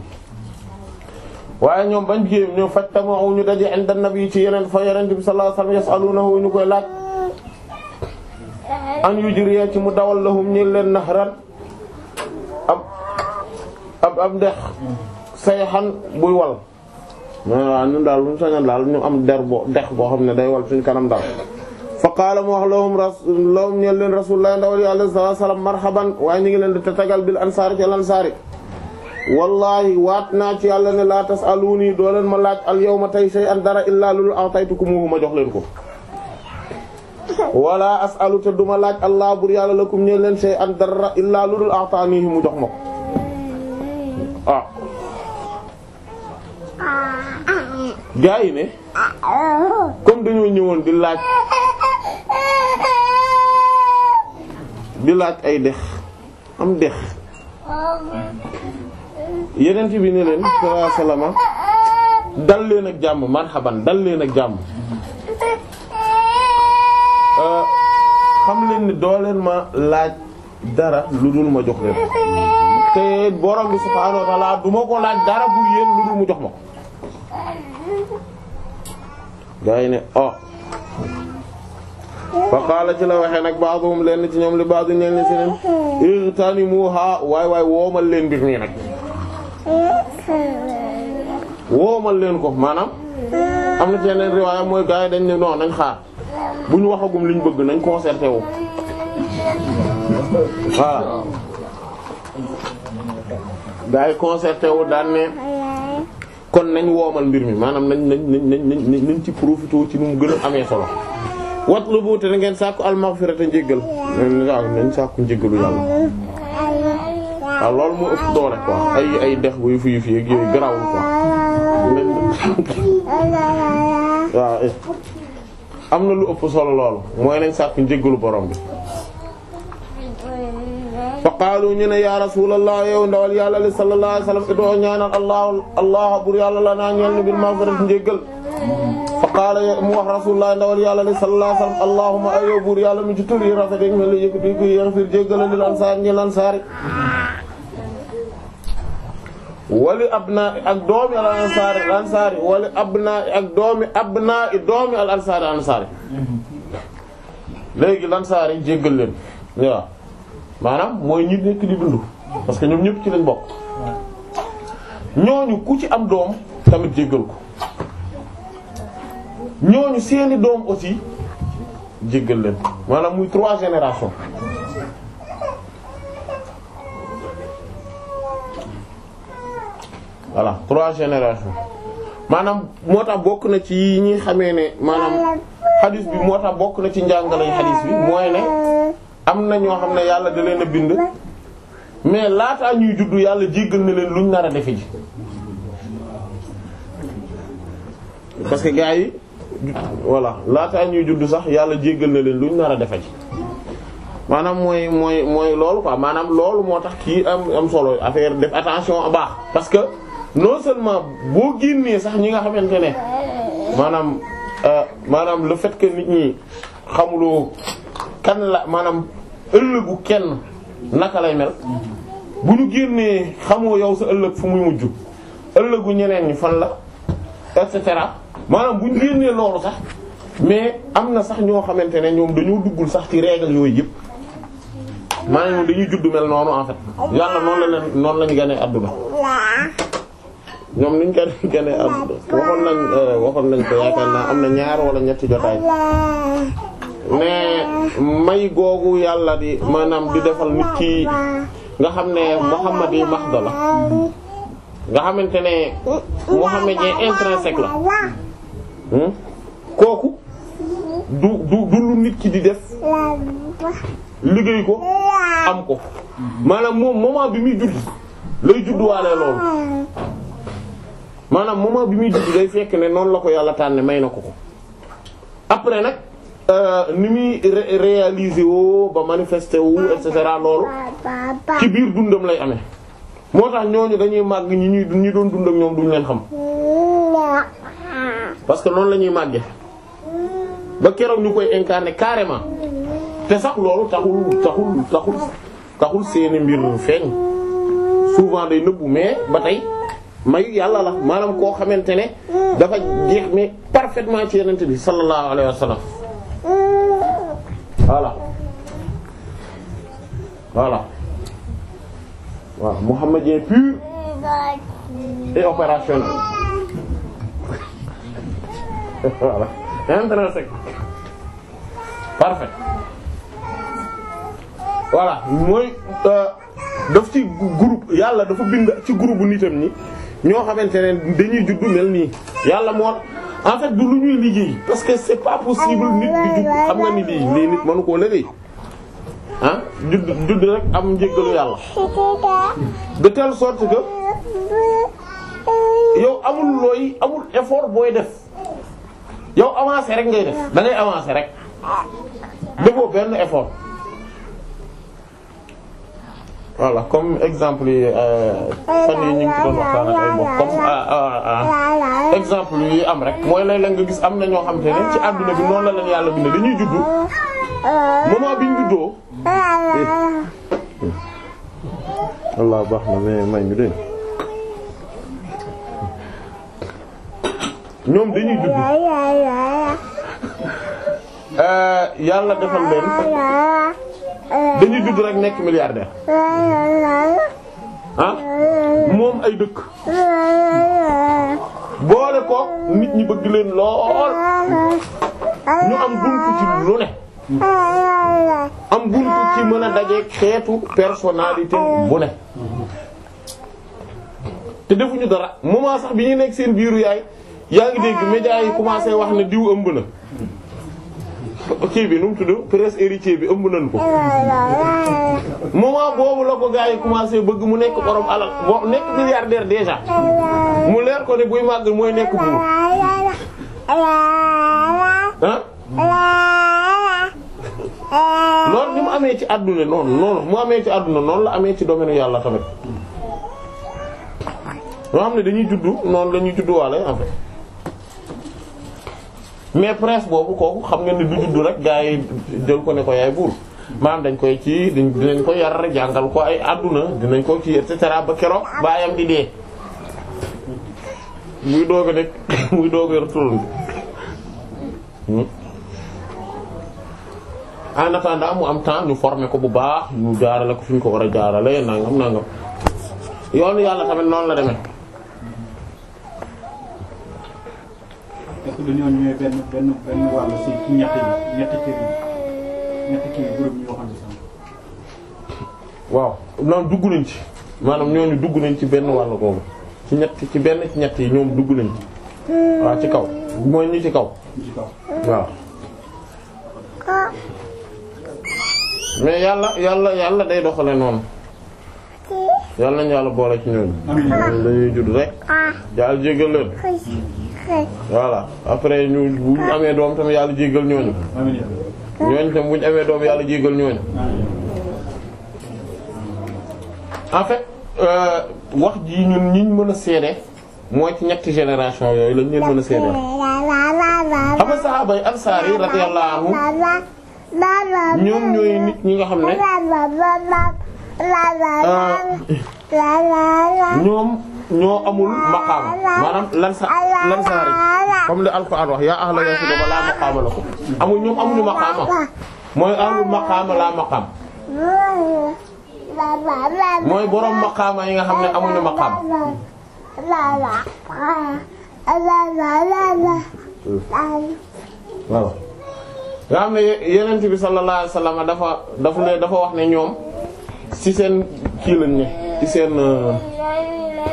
waaye ñoom bañ jigéen ñoom faj tamoo ñu daje inda yi ci yeneen fa yeneen bi sallallahu alayhi wasallam yasalunahu ñu koy laaj an yu jiriya ci mu dawal lahum ñi leen nahran ab ab ab ndex sayxan buy wal waaw ñun daal luñu sañoon daal ñu am der boo dex boo xam ne day wal suñ kanam daal fa qaala mu wax lahum ras lahum ñeen leen rasulullah ndawal yi alayhi salaatu waaye ñu ngi leen di tatagal bil ansaari ci al ansaari wallahi waat naa ci yàlla ne laa tasaluuni doo leen ma laaj al yawma tey shay'an dara illaa lulu ataytukumuhu ma jox leen ko wala asalu te duma laaj allah bur yàlla lakum ñeen leen shay'an dara illaa lulu ataanihi mu jox ma gaa yi ne comme dañoo ñëwoon di laaj di laaj ay dex am dex yeneen ci bi ne leen salaa salama dal leen ak jàmm marhaban dal leen ak jàmm euh, xam leen ni doo leen ma laaj dara lu dul ma jox leen te borom bi subhaanahu wa ta'ala du ma ko laaj dara bu yéen lu dul mu jox ma ko gaa yi ne oh fa qaala ci la waxee nag ba'dhum leen ci ñoom li ba'd ñeen ni si neen igtanimuha waaye waaye woomal leen mbir nii nag woomal leen ko maanaam am na ci yeneen riwaaya mooy gaa yi dañ ne non nañ xaar bu waxagum liñ bëgg nañ concerté wu waaw gaa yi concerté wu daan ne kon nañ woomal mbir mi maanaam nañ nañ nañ nañ nañ ci profité ci nu mu gën amee solo watlubu te na ngeen sàkku almaghfirata njéggal waaw nañ sàkku njéggalu yàlla waaw loolu moo ëpp doole quoi ay ay dex bu yu fi yu ak yooyu garawul quoi waaw eh. am na lu ëpp solo loolu mooy nañ sàkku njéggalu borom bi fa qaalu ñu ne ya rasulallah yow ndawal yàlla li sallallahu alayhi wasallam idoo ñaanal allah allah bur yàlla la naa ñeel ni bil maghfirati njéggal fa qaala mu wax rasulullah ndawal yàlla li sallallahu alayhi wasallam allahumma ayo bur yàlla mi ci tur yi rafet yi mel yëg di ko yaghfir jéggala lil ansaar ñi ansaari wali abna ak doomi al ansaari al ansaari wali abna ak doomi abna i doomi al ansaari ansaari léegi lansaari jéggal leen waaw maanaam mooy ñi nekk di dund parce que ñoom ñëpp ci lañ bokk ñooñu ku ci am doom tamit jéggal ko ñooñu seeni doom aussi jéggal leen maanaam muy trois générations voilà trois générations maanaam moo tax bokk na ci yi xame ne maanaam xadis bi moo tax bokk na ci njàngale xadis bi mooy ne am na ñoo xam ne yàlla da leen bind mais laataa ñuy juddu yàlla jéggal na leen lu luñ nar a defe ji parce que gars yi voilà laataa ñuy juddu sax yàlla jéggal na leen luñ nar a defe ji maanaam mooy mooy mooy loolu quoi maanaam loolu moo tax kii am am solo affaire def attention baax parce que non seulement boo génnee sax ñi nga xamante ne maanaam euh, maanaam la fait que nit ñi xamuloo kan la maanaam ëllëgu kenn naka lay mel bu ñu génnee xamoo yow sa ëllëg fu muy mujj ëllëgu ñeneen ñi fan la et cetera maanaam bu ñu génnee loolu sax mais am na sax ñoo xamante ne ñoom dañoo duggul sax ci règle yooyu yëpp maanaam dañuy judd mel noonu en fait yàlla noonu la leen noonu lañu gënee àdduna ñoom niñ gën gënee àdduna waxoon nañ euh, waxoon nañ ko yaakaar naa am na ñaar wala ñetti jotaay mais may googu yàlla di maanaam di defal nit ki nga xam ne Muhammad yi maxda la nga xamante ne mohammédien intrinsèque la hmm? kooku du du du nit ki di def liggéey ko am ko maanaam moom moment bi muy judd lay judduwaale loolu maanaam moment bi muy judd day fekk ne noonu la ko yàlla tànne may na ko ko après nag Euh, ni muy réaliser woo ba manifester wu et cetera loolu ci biir dundam lay amee moo tax ñooñu dañuy màgg ñi ñuy ñi doon dund ñoom duñ leen xam parce que noonu la ñuy màggee ba keroog ñu koy incarner carrément te sax loolu taxul taxul taxul taxul seeni mbir feeñ souvent day nëbbu mais ba tey mayu yàlla la maanaam koo xamante ne dafa jeex mais parfaitement ci yenente bi sallallahu alayhi wa voilà waaw mohammadien pur et opérationnel voilà intrinsèque parfait voilà mooy euh, daf ci groupe yàlla dafa bind ci groupe bu nitam ni ñoo xamante ne dañuy juddu mel nii yàlla moo en fait du lu ñuy liggéey parce que c'est pas possible nit di judd am nga ni lii lii nit mënu koo liggéey ah judd judd rek am njéggalu yàlla de telle sorte que yow amul looy amul effort booy def yow avancé rek ngay def da ngay avancer rek defoo benn effort voilà comme exemple yi euh, fan yi ñu ngi doon waxtaan ak ay mbokk euh, euh, yi am rek mooy lay la nga gis am na ñoo xam te ne ci àdduna bi noonu la leen yàlla bindee dañuy juddu moment bi ñu juddoo. Eh. Allah baax na mais may ñu dégg ñoom dañuy juddu yàlla defal leen. dañuy judd rek nekk milliardaire ah moom ay dëkk boole ko nit ñi bëgg leen lool ñu am buntu ci lu ne am buntu ci mën a dajeeg xeetu personnalité bu ne te defuñu dara moment sax bi ñuy nekk seen biiru yaay yaa ngi dégg média yi commencé wax ne diw ëmb na kii bi nu mu tudd presse héritier bi ëmb nañ ko moment boobu la ko gars yi commencé bëgg mu nekk borom alal boo nekk milliardaire déjà mu leer ko ne buy màgg mooy nekk buur mu amee ci àdduna noonu noonu mu amee ci àdduna noonu amee ci domaine yàlla tamit loo xam ne dañuy juddu noonu lañuy ñuy judduwaale en fait mais prince boobu kooku xam nga ne du juddu rek gaa yi jël ko ne ko yaay buur maanaam dañ koy ci dinañ ko yar jàngal ko ay àdduna dinañ ko ci et ba keroog baayam di dee muy doog a nekk muy doog a yor hmm. mu am temps ñu former ko bu baax ñu jaarale ko fi ñu ko war a jaarale nangam nangam yoonu yàlla tamit noonu la demee. est-ce que waaw maanaam dugg nañ ci maanaam ñooñu dugg nañ ci benn wàll boobu ci ñett ci benn ci ñett yi ñoom dugg nañ ci waaw ci kaw mooy ñi ci kaw. waaw. mais yàlla yàlla yàlla day doxale noonu. yàlla nañu yàlla boole ci ñooñu. amiin dañuy judd rek. Ah. yàlla jégal voilà après ñu bu ñu amee doom tamit yàlla jéggal ñooñu. ñooñu tam bu ñu amee doom yàlla jéggal ñooñu. en fait euh, wax ji ñu ñi ñu mën a seede mooy ci ñetti génération yooyu lañ leen mën a seede. am nga saxaaba yi ansaar ñoom ñooy nit nga xam ne euh, ñoom. ñoo amul maqaama maanaam lan sa lan saari comme li alquran wax yaa ahla yasrib laa maqaama lakum amul ñoom amuñu maqaama mooy ahlul maqaam mooy borom maqaama yi nga xam ne amuñu maqaam. waaw nga xam ne yonent bi sallallahu alayhi wasallam dafa dafa ne dafa wax ne ñoom. ci seen kii lañ ne ci seen euh,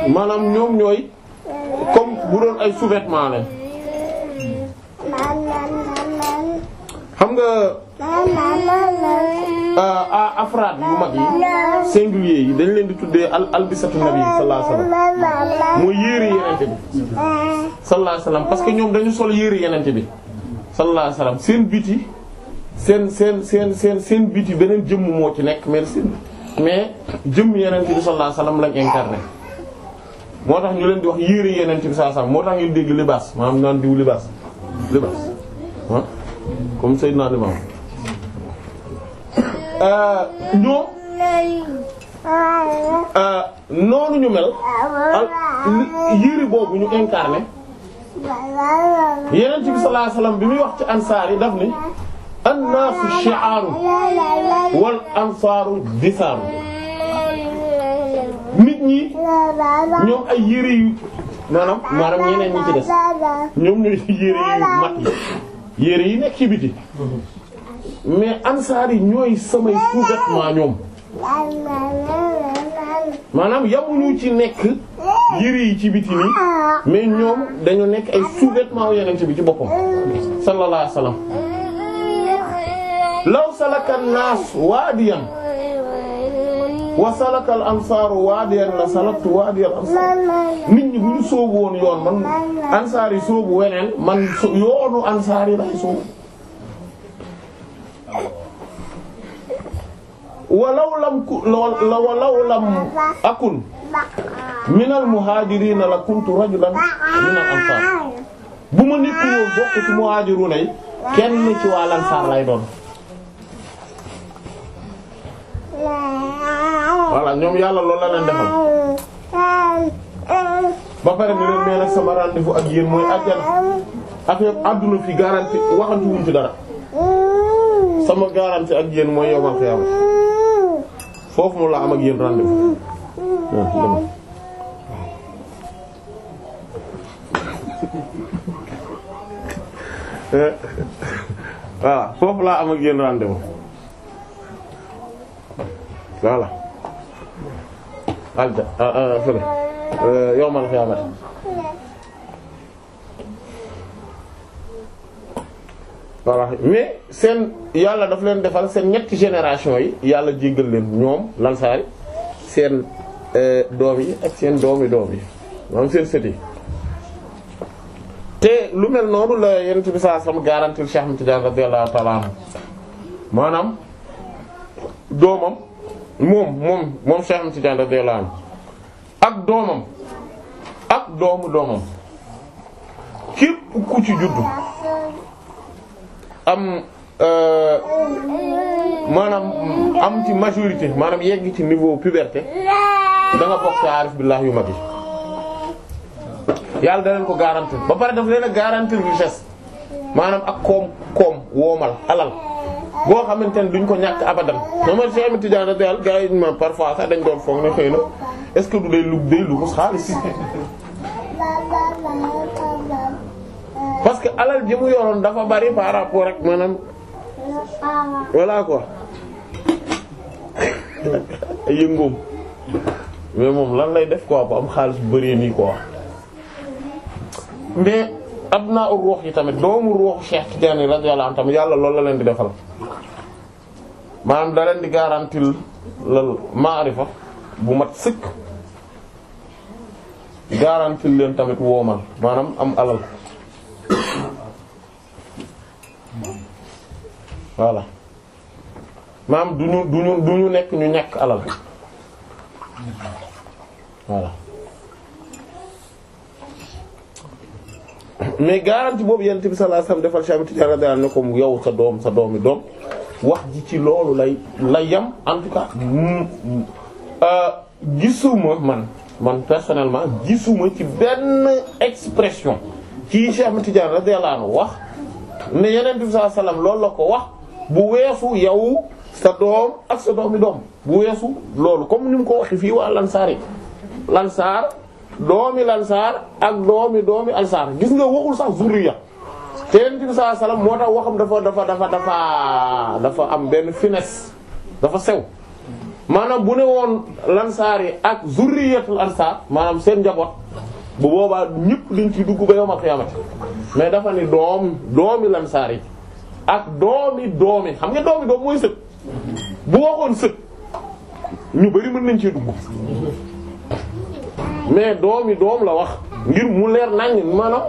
maanaam ñoom ñooy comme bu doon ay sous-vêtements xam nga a euh, afraad yu mag yi singulier yi dañ leen di tuddee al albisatu nabi sallallahu alayhi wasallam mooy yére yenente bi sallallahu parce que ñoom dañu sol yére yenente bi sallallahu alayhi wasallam seen biti seen seen seen seen seen biti beneen jëmm moo ci nekk merci mais jëm yeneen bi sallallahu alayhi wasallam lañ moo tax ñu leen di wax yére yeneen bi sallallahu alayhi wasallam moo tax ngeen dégg libaas maanaam naan diw libaas libaas ah comme Seydina Limam euh, euh, noonu ñu mel yére boobu ñu incarné yeneen bi sallallahu alayhi bi muy wax ci ansaar yi daf ni annaasu shi'aaru wal ansaaru disaaru nit ñi ñoom ay yére yu maanaam maanaam ñeneen ñi ci des ñoom ñooy yére yu mat yi yére yi nekk ci biti mais ansaar yi ñooy samay sous-vêtements ñoom maanaam yamuñu ci nekk yëre yi ci biti nii mais ñoom dañu nekk ay sous-vêtements yeneen bi ci boppam sallallahu alayhi law salaka an-naas waadiyan wa salaka al-ansaaru waadiyan la salaktu waadiya al-ansaar nit ñi bu ñu yoon man ansaar yi weneen man yoonu ansaar yi lay walaw lam akun minal muhaajiriina la kuntu rajulan minal ansaar bu ma nekkul woon bokk ci muhaajiruna ansaar lay doon voilà ñoom yàlla loolu la leen defal ba pare ni leen mel sama rendez-vous ak yéen mooy àjjana affaire àdduna fi garanti waxantu wuñ ci dara sama garanti ak yéen mooy yowmal xiyaama foofu moom am ak yéen rendez-vous voilà foofu laa am ak yéen rendez-vous voilà alja fële ah, ah, eh, mais seen yàlla daf leen defal seen ñetti génération yi yàlla jéggal leen ñoom lansaari seen eh, doom yi ak seen doomi doom yi maanaam seen sët te lu mel noonu la yenent bi saa sama garantil Cheikh Ahmed Tidiane radiyallahu ta'ala anhu maanaam doomam moom moom moom Cheikh Ahmed Tidiane radiyallahu anhu ak doomam ak doomu doomam képp ku ci juddu am euh, maanaam am ci majorité maanaam yegg ci niveau puberté da nga bokk ci aarif billah yu mag yi yàlla da leen ko garantir ba pare daf leen a garantir richesse maanaam ak koom koom woomal alal boo xamante ne duñ ko ñàkk abadan mooman Cheikh Ahmed Tidiane radiyallahu anhu gars yi ma parfois sax dañ doon foog ne xëy na est-ce que du day lu day lu xus xaalis parce que alal ji mu yoroon dafa bari par rapport rek maanaam voilà quoi yëngoom mais moom lan lay def ko bu am xaalis bu bari nii quoi mais abnaa ur ruux yi tamit doomu ruuxu Cheikh Tidiane radiyallahu anhu tamit yàlla loolu la leen di defal maanaam da leen di garantil lal maarifa bu mat sëkk garantil leen tamit woomal maanaam am alal voilà maanaam du ñu du ñu du ñu nekk ñu ñàkk alal voilà mais garantie boobu yonent bi sallallahu alayhi wasallam defal Cheikh Ahmed Tidiane daal ne ko mu yow sa doom sa doomi doom wax ji ci loolu lay lay yam en tout cas mm, mm, euh, gisuma man man personnellement gisuma ci benn expression ci Cheikh Ahmed Tidiane radiyallahu wax ne yonent bi sallallahu alayhi wasallam loolu la ko wax bu weesu yow sa doom ak sa doomi doom bu weesu loolu comme ni mu ko waxee fii waa Lansaar yi Lansaar doomi lansaar ak doomi doomi ansaar gis nga waxul sax zurriya te yonent bi sallallahu alayhi moo tax waxam dafa dafa dafa dafa dafa am benn finesse dafa sew maanaam bu ne woon lansaar yi ak zurriyatul ansaar maanaam seen njaboot bu boobaa ñëpp dañ ci dugg ba yawmal qiyaamati mais dafa ni doom doomi lansaar yi ak doomi doomi xam nga doomi doom mooy sët bu waxoon sët ñu bari mën nañ ci dugg mais doom yi doom la wax ngir mu leer nañ maanaam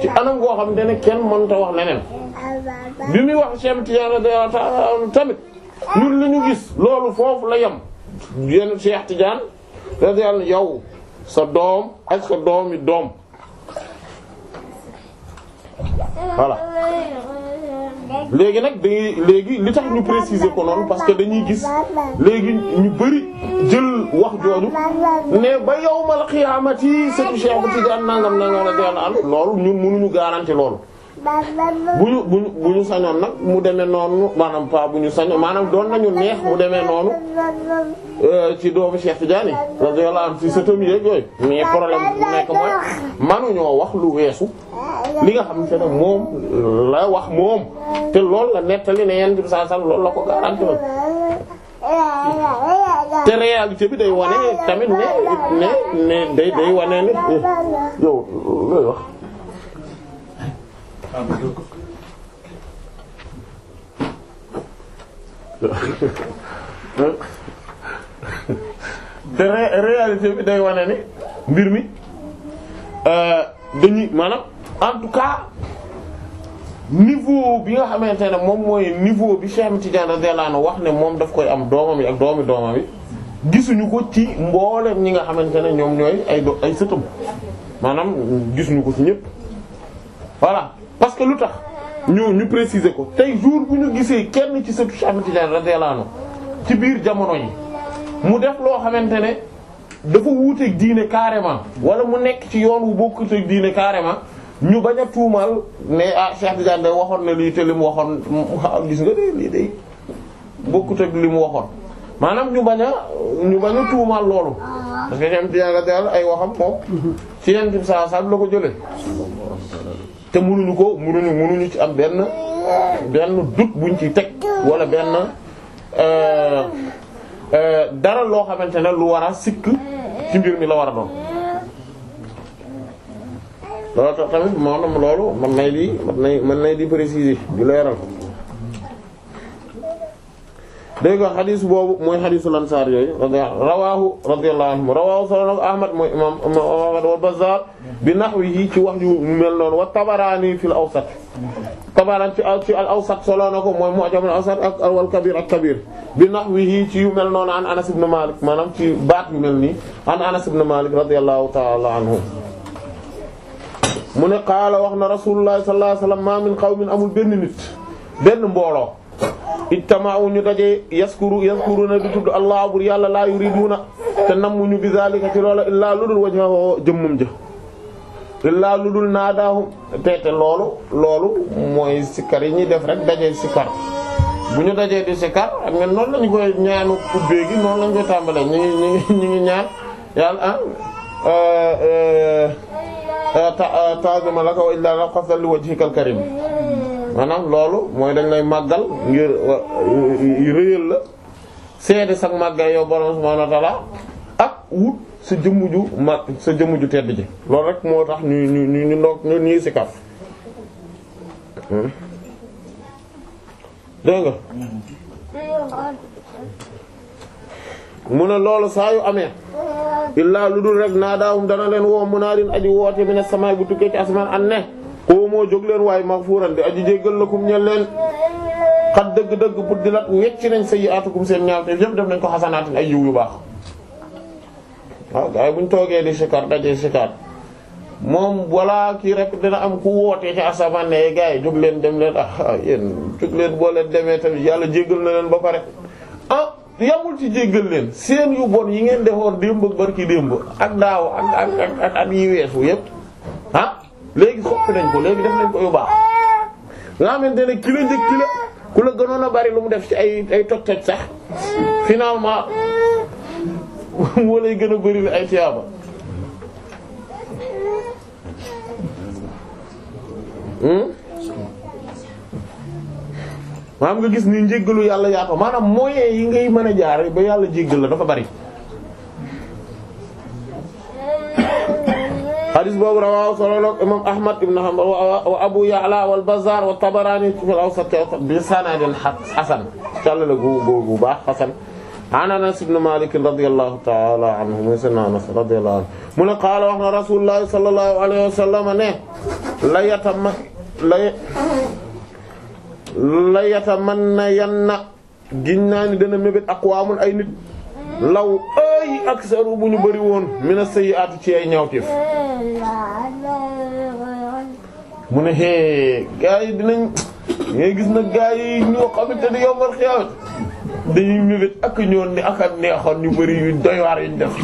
ci anam goo xam ne kenn mënta a wax leneen bi muy wax Cheikh Tidiane radiyallahu ta'ala tamit ñun li gis loolu foofu la yem yenn Cheikh Tidiane radiyallahu yow sa doom ak sa doom yi doom voilà léegi nag dañuy léegi li tax ñu préciser ko noonu parce que dañuy gis léegi ñu bari jël wax jooju ne ba yawmal qiyaamati sëtu Cheikh Tidiane nangam nangam la daan am loolu ñun munuñu garanti loolu bu ñu bu ñu sañoon nag mu demee noonu maanaam pa bu ñu sañoon maanaam doon nañu neex mu demee noonu euh, ci doomu Cheikh Tidiane radiyallahu anhu ci sëtam yeeg yooyu mais problème bu nekk mooy wax lu weesu li nga xam te ne moom la wax moom te loolu la nettali ne yenn bi ko garanti woon te réalité bi day wane tamit ne ne day wane ne eh, yow looy wax. te réalité bi day wane ni mbir mi euh, dañuy maanaam en tout cas niveau bi nga xamante ne moom mooy niveau bi Cheikh Tidiane radiyallahu anhu wax ne moom daf koy am doomam yi ak doomi doomam yi gisuñu ko ci mboolem ñi nga xamante ne ñoom ñooy ay do ay sëtam maanaam gisuñu ko ci ñëpp voilà parce que lu tax ñu ñu préciser ko tey jour bu ñu gisee kenn ci sëtu Cheikh Ahmed Tidiane ci biir jamono mu def loo xamante ne dafa wuuteeg diine carrément wala mu nekk ci yoon wu bokkuteeg diine carrément ñu bañ a tuumal ne ah Cheikh Tidiane day waxoon na mu waxoon ah, gis nga de mu waxoon maanaam ñu bañ a ñu bañ a tuumal loolu parce que ay waxam moom ci yenn la ko jële te mënuñu ko mënuñu mënuñu ci am benn benn dut buñ ci teg wala benn euh, euh, dara loo xamante ne lu war a sikk ci mbir mi la war a doon loolu tax tamit maanaam loolu man nay di man nay man nay di préciser di dégg nga xadis boobu mooy xadisu lansaar yooyu rawaahu radiyallahu anhu rawaahu solo ahmad mooy imam ahmad wal bazzar bi nahwihi ci wax yu mel noonu wa tabaraani fil awsat tabaraan ci ci solo na ko mooy mu'jam al awsat ak wal kabir ak kabir bi nahwihi ci yu mel noonu an anas ibn malik maanaam ci baat yu mel nii an anas ibn malik radiyallahu ta'ala anhu mu ne qaala wax na rasulullah sallallahu alayhi wasallam ma min amul benn nit benn mbooloo ijtamaaw ñu daje yaskuru yaskuruna di tudd allah bur yàlla laa yuriduna te nammuñu bi zalika ci loola illaa ludul wajhahu jëmmum ja illaa ludul naadaahu te te loolu loolu mooy sikkar yi ñuy def rek daje sikkar bu ñu dajee di sikkar ak nga noonu lañu koy ñaanu ubbee gi noonu lañu koy tàmbalee ñu ngi ñu ñu ngi ñaan yàlla ah euh, euh, euh, taazuma laka wa illaa la qasdan li wajhikal karim maanaam loolu mooy dañ lay màggal ngir rëyal la seede sax màggal yow borom subhaanahu wa ta'aala ak wut sa jëmm ju sa jëmm tedd ji loolu rek moo tax ñu ñu ñu ñu ndoog ñu si kaf dégg mu ne loolu saa yu amee illaa lu dul rek naa daawum dana leen woo naa munaadin aji woote bi ne samaay bu tukkee ci asmaan an ne qoomoo jóg leen waaye maghfuran di aji jéggal lakum ñeel leen xat dëgg-dëgg buddilat wecc nañ sayyi'atukum seen ñaawteef yëpp def nañ ko xasanaatin ay yiw yu baax waaw gars yi buñ toogee di sikar dajee sikar moom walla kii rek dina am ku wootee ci asamaan ne eh, yi jóg leen dem leen ah, ah yéen boo leen demee tamit yàlla jéggal na ba pare ah yamul ci jéggal leen seen yu bon yi ngeen defoon démb barki démb ak daaw ak ak ak at yi weesu yépp ah, léegi soppi nañ ko léegi def nañ ko yu baax nga xamante ne ki la njëkk ki ku la gënoon a bari lu mu def ci ay ay toj-toj sax finalement moo lay gën a bari li ay tiyaaba hmm? maanaam nga gis ni njéggalu yàlla yaatu maanaam moyen yi ngay mën a jaar ba yàlla jégg la dafa bari xadis boobu rawaaw solo imam ahmad ibn hanbal wa abu ya'la wal bazzar wa tabarani fi al awsat bi sanadin hasan càllale gu bu baax hasan an anas ibn malik radiyallahu ta'ala anhu muy seen anas radiyallahu anhu mu ne qaala wax na rasulullah sallallahu alayhi wa sallam ne la yatama la yatamanna yanna giñ naa ni dana mébét aqwaamun ay nit law ay aksaru bu ñu bari woon mina sayyi'ati ci ay ñaawteef mu ne hee gaa yi dinañ ngay gis na gaa yi ñoo xamante ne yombal xiyaamat dañuy ñëwét ak ñoon ni ak ak neexoon ñu bëri yu doy waar yuñ def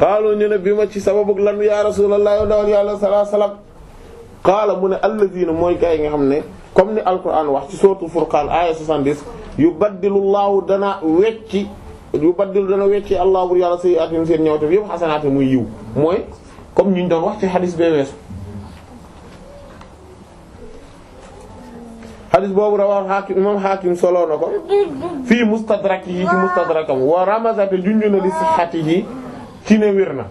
xaalu ñu ne bi ma ci sababu lan ya rasulullah yow dawal yàlla sallallahu qaala mu ne alladina mooy gaa yi nga xam ne comme ni alquran wax ci sourate Furqan aya 70 yubaddilu llaahu dana wecci yubaddilu dana wecci allah bur yàlla sayyi'aatim seen ñëwte yëpp xasanaate muy yiw mooy comme ñu doon wax ci xadis bee weesu xadis boobu rawaal xaakim imam xaakim soloo na ko fii mustadrak yi ci mustadrakam wa ramazate junju na li sihhatihi ci ne wér na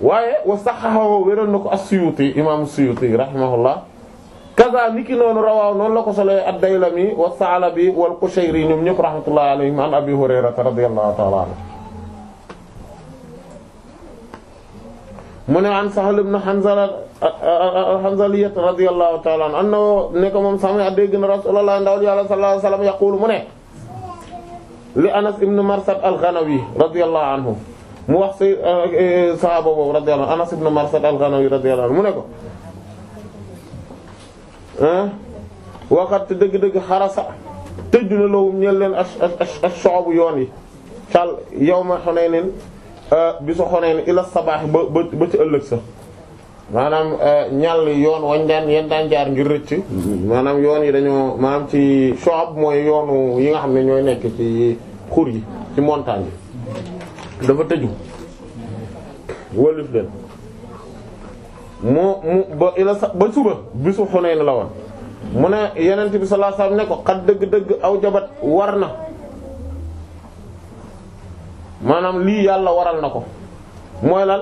waaye wa saxaxahu wéral na ko as-Suyuti imaamu Suyuti rahimahullah kaza niki noonu rawaaw noonu la ko solo ad-Daylami wa Sa'labi wal Qushayri ñoom ñëpp rahmatullahi alayhim an Abi Hurayra radiyallahu ta'ala anhu mu ne an Sahl ibn Hanzala Hanzaliyya radiyallahu ta'ala anhu annahu ne ko moom sama dégg na Rasulullah ndawal Yàlla sallallahu alayhi wasallam yaqulu mu ne li Anas ibn Marsad al-Ghanawi radiyallahu anhu mu wax si euh, euh, sahaaba boobu radiyallahu Anas ibn Marsad al-Ghanawi radiyallahu mu ne ko waxat dëgg-dëgg xarasa tëj na lawum ñel leen ash-shu'ub yoon yi yow cal yawma Hunayn euh, bi sa Hunayn ila sabaax ba ba ci ëllëg sa maanaam ñàll yoon wañ daan yeen daan jaar ngir rëcc maanaam yoon yi dañoo maanaam ci shu'ub mooy yoonu yi nga xam ne ñooy nekk ci xur yi ci montagne yi dafa tëju wëlif leen mu mu ba ila sa ba suba bisu Xunayn la woon mu ne yenent bi sallallahu alayhi wasallam ne ko xat dëgg-dëgg aw jabat war na maanaam lii yàlla waral na ko mooy lan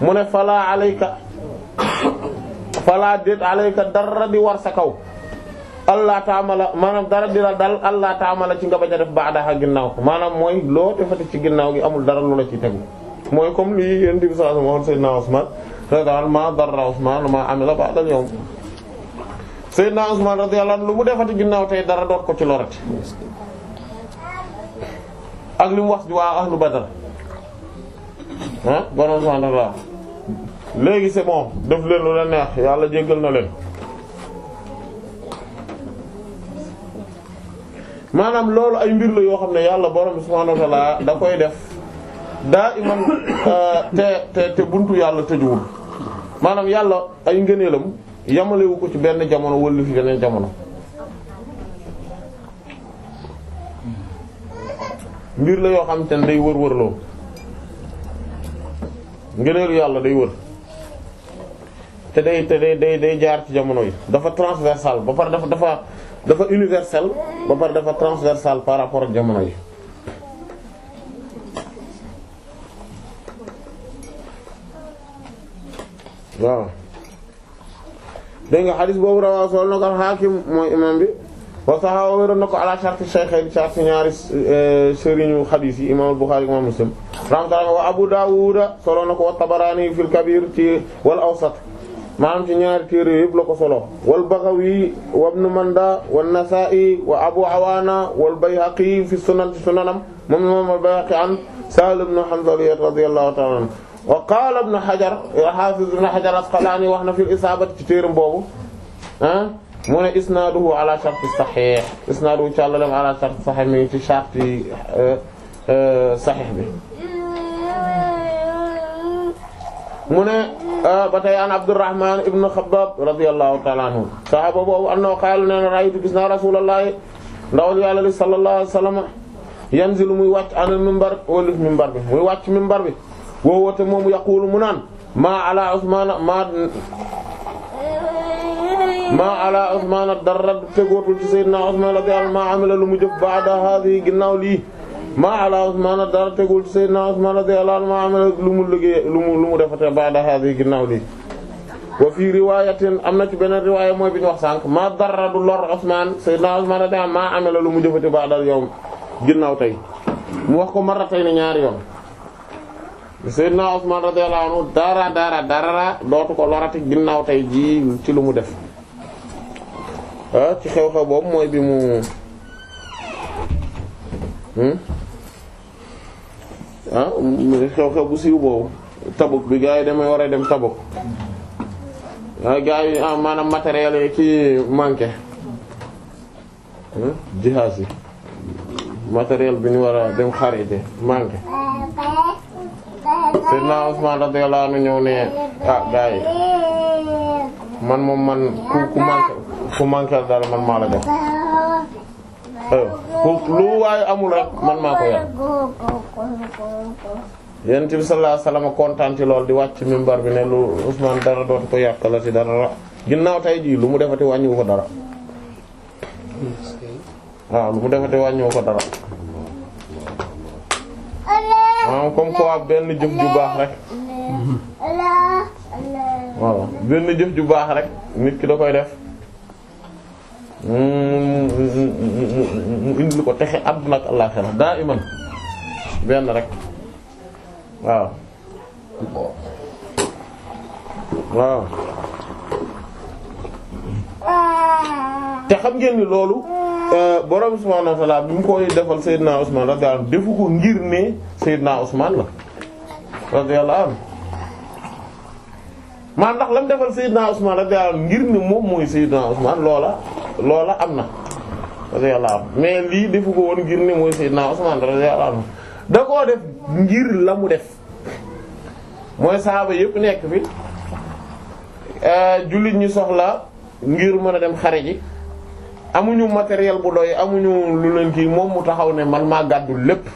mu ne falaa alayka falaa déet alayka dara di war sa kaw allah taamala maanaam dara di la dal allah taamala ci nga bañ a def baadaxa ginnaaw maanaam mooy loo defati ci ginnaaw gi amul dara lu la ci tegu mooy comme lii yéen di saa waxoon Seydina Usmaan radiyallahu ma darra Usmaan ma amila ba'da al-yawm Seydina Usmaan radiyallahu anhu lu mu defati ginnaaw tey dara doot ko ci lorati ak li mu wax waa ahlu Badar ah borom subhaanahu wa ta'aala léegi c'est bon def leen lu la neex yàlla jéggal na leen. maanaam loolu ay mbir la yoo xam ne yàlla borom subhaanahu wa ta'aala da koy def daa iman euh, te te te buntu yàlla tëjuwul maanaam yàlla ay ngëneelam yamalewu ko ci benn jamono wala fi beneen jamono. mbir la yoo xam te ne day wër wër loo ngëneelu yàlla day wër te day te day day day jaar ci jamono yi dafa transversal ba pare dafa dafa. dafa universel ba pare dafa transversal par rapport ak jamono yi waaw dégg nga xadis boobu rawaa sol na ko Xaakim mooy imam bi wa saxaaba wéeroon na ko ala sharti shaykhayn sharti ñaari eh, sëriñu xadis yi imam Bukhari imam Muslim rahmatullah wa Abu Dawud solo na ko wa Tabarani fil Kabir ci wal Awsat maanaam ci ñaari téere yëpp la ko solo wal Baghawi wa Ibn Manda wa Nasa'i wa Abu Awana wal Bayhaqi fi sunan ci sunanam moom moom al Bayhaqi an Sahl ibn Hanzaliyya radiyallahu ta'ala anhu wa qaala Ibn Hajar hafiz Ibn Hajar Asqalani wax na fi isaabat ci téeram boobu ah mu ne isnaaduhu ala shart sahih isnaaduhu ci àllam ala shart eh, eh, sahih mi ci shart sahih bi mu ne Ah, ba tey an Abdurrahman ibn Khabbab radiyallahu ta'ala anhu sahaaba boobu annahu qaala nee na ra'aytu gis naa Rasulullah ndawal yàlla li sallallahu alayhi wa sallam yanzilu muy wàcc anal minbar walif minbar bi muy wàcc minbar bi woowu te moom yaqulu mu naan maa ala Usmaana maa maa ala Usmaana dara tegootul ci sayyidina Usmaan radiyallahu maa amila lu mu jëf ba'da haadihi ginnaaw lii maa ala Usmaan dara tegul ci Seydina Usmaan radiyallahu anhu maa amala lu mu liggéey lu mu lu mu defate ba'da haadi ginnaaw lii wa fii riwaayatin am na ci beneen riwaaya mooy bi ñu wax sànq maa dara du lor Usmaan Seydina Usmaan radiyallahu anhu maa amala lu wax ko marratayni ñaari yoon Seydina dootu ko lorati ginnaaw tey jii ci lu mu def ah, ci xew-xew boobu mooy bi mu hmm? ah xew-xew bu siiw boobu Tabuk bi gars yi damay war a dem Tabuk ah gars yi ah, maanaam matériel yi ci manqué ah, jihaas yi matériel bi ñu war a dem xarite manqué Seydina Usman radiyallahu anhu la ne ah gars yi man moom man ku ku manqué ku manqué dara man maa la def lu waaye amul rek man maa ko yar yonent bi sallallahu kontaan ci lool di wàcc mimbar bi ne lu Usmaan dara dootu ko yàqalati dara ginnaaw tey jii lu mu defati wàññiwu ko dara waaw lu mu defati wàññiwu ko dara waaw ah, comme quoi benn jëf ju baax rek waaw benn jëf ju baax rek nit ki da koy def mu indi ko texe àdduna ak àllaxira daa iman benn rek waaw waaw te xam ngeen ni loolu euh, borom subhaanahu wa ta'aala bi mu koy defal Seydina Usmaan radiyallahu anhu defu ko ngir ne Seydina Usmaan la radiyallahu anhu maanaam ndax mu defal Seydina Ousmane radiyallahu ngir ne moom mooy Seydina Ousmane loola loola am na radiyallahu mais lii defu ko woon ngir ne mooy Seydina Ousmane radiyallahu da koo def ngir la mu def mooy saaba yëpp nekk fi eh, jullit ñi soxla ngir mën a dem xare ji amuñu matériel bu doy amuñu lu leen kii moom mu taxaw ne man maa gàddu lépp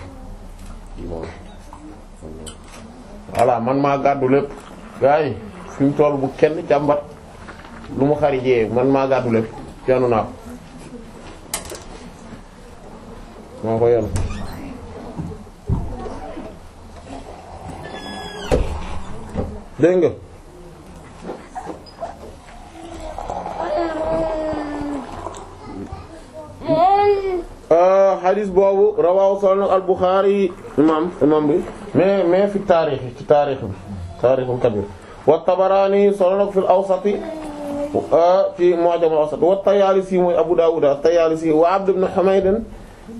voilà man maa gàddu lépp gars fi mu toll bu kenn jàmbat lu mu xari jiyee man maa gàddu lépp yanu naa ko maa ko yanu dégg nga euh, boobu rawaw sol nag al Bukhari imam bi mais mais fi taarix ci taarix bi taarixul kabir wa Tabaraani solo na ko fil awsati ah, ci mu'jam al-awsat wa Tayaalisi mooy Abu Daawud at-Tayaalisi wa Abd ibn Humayd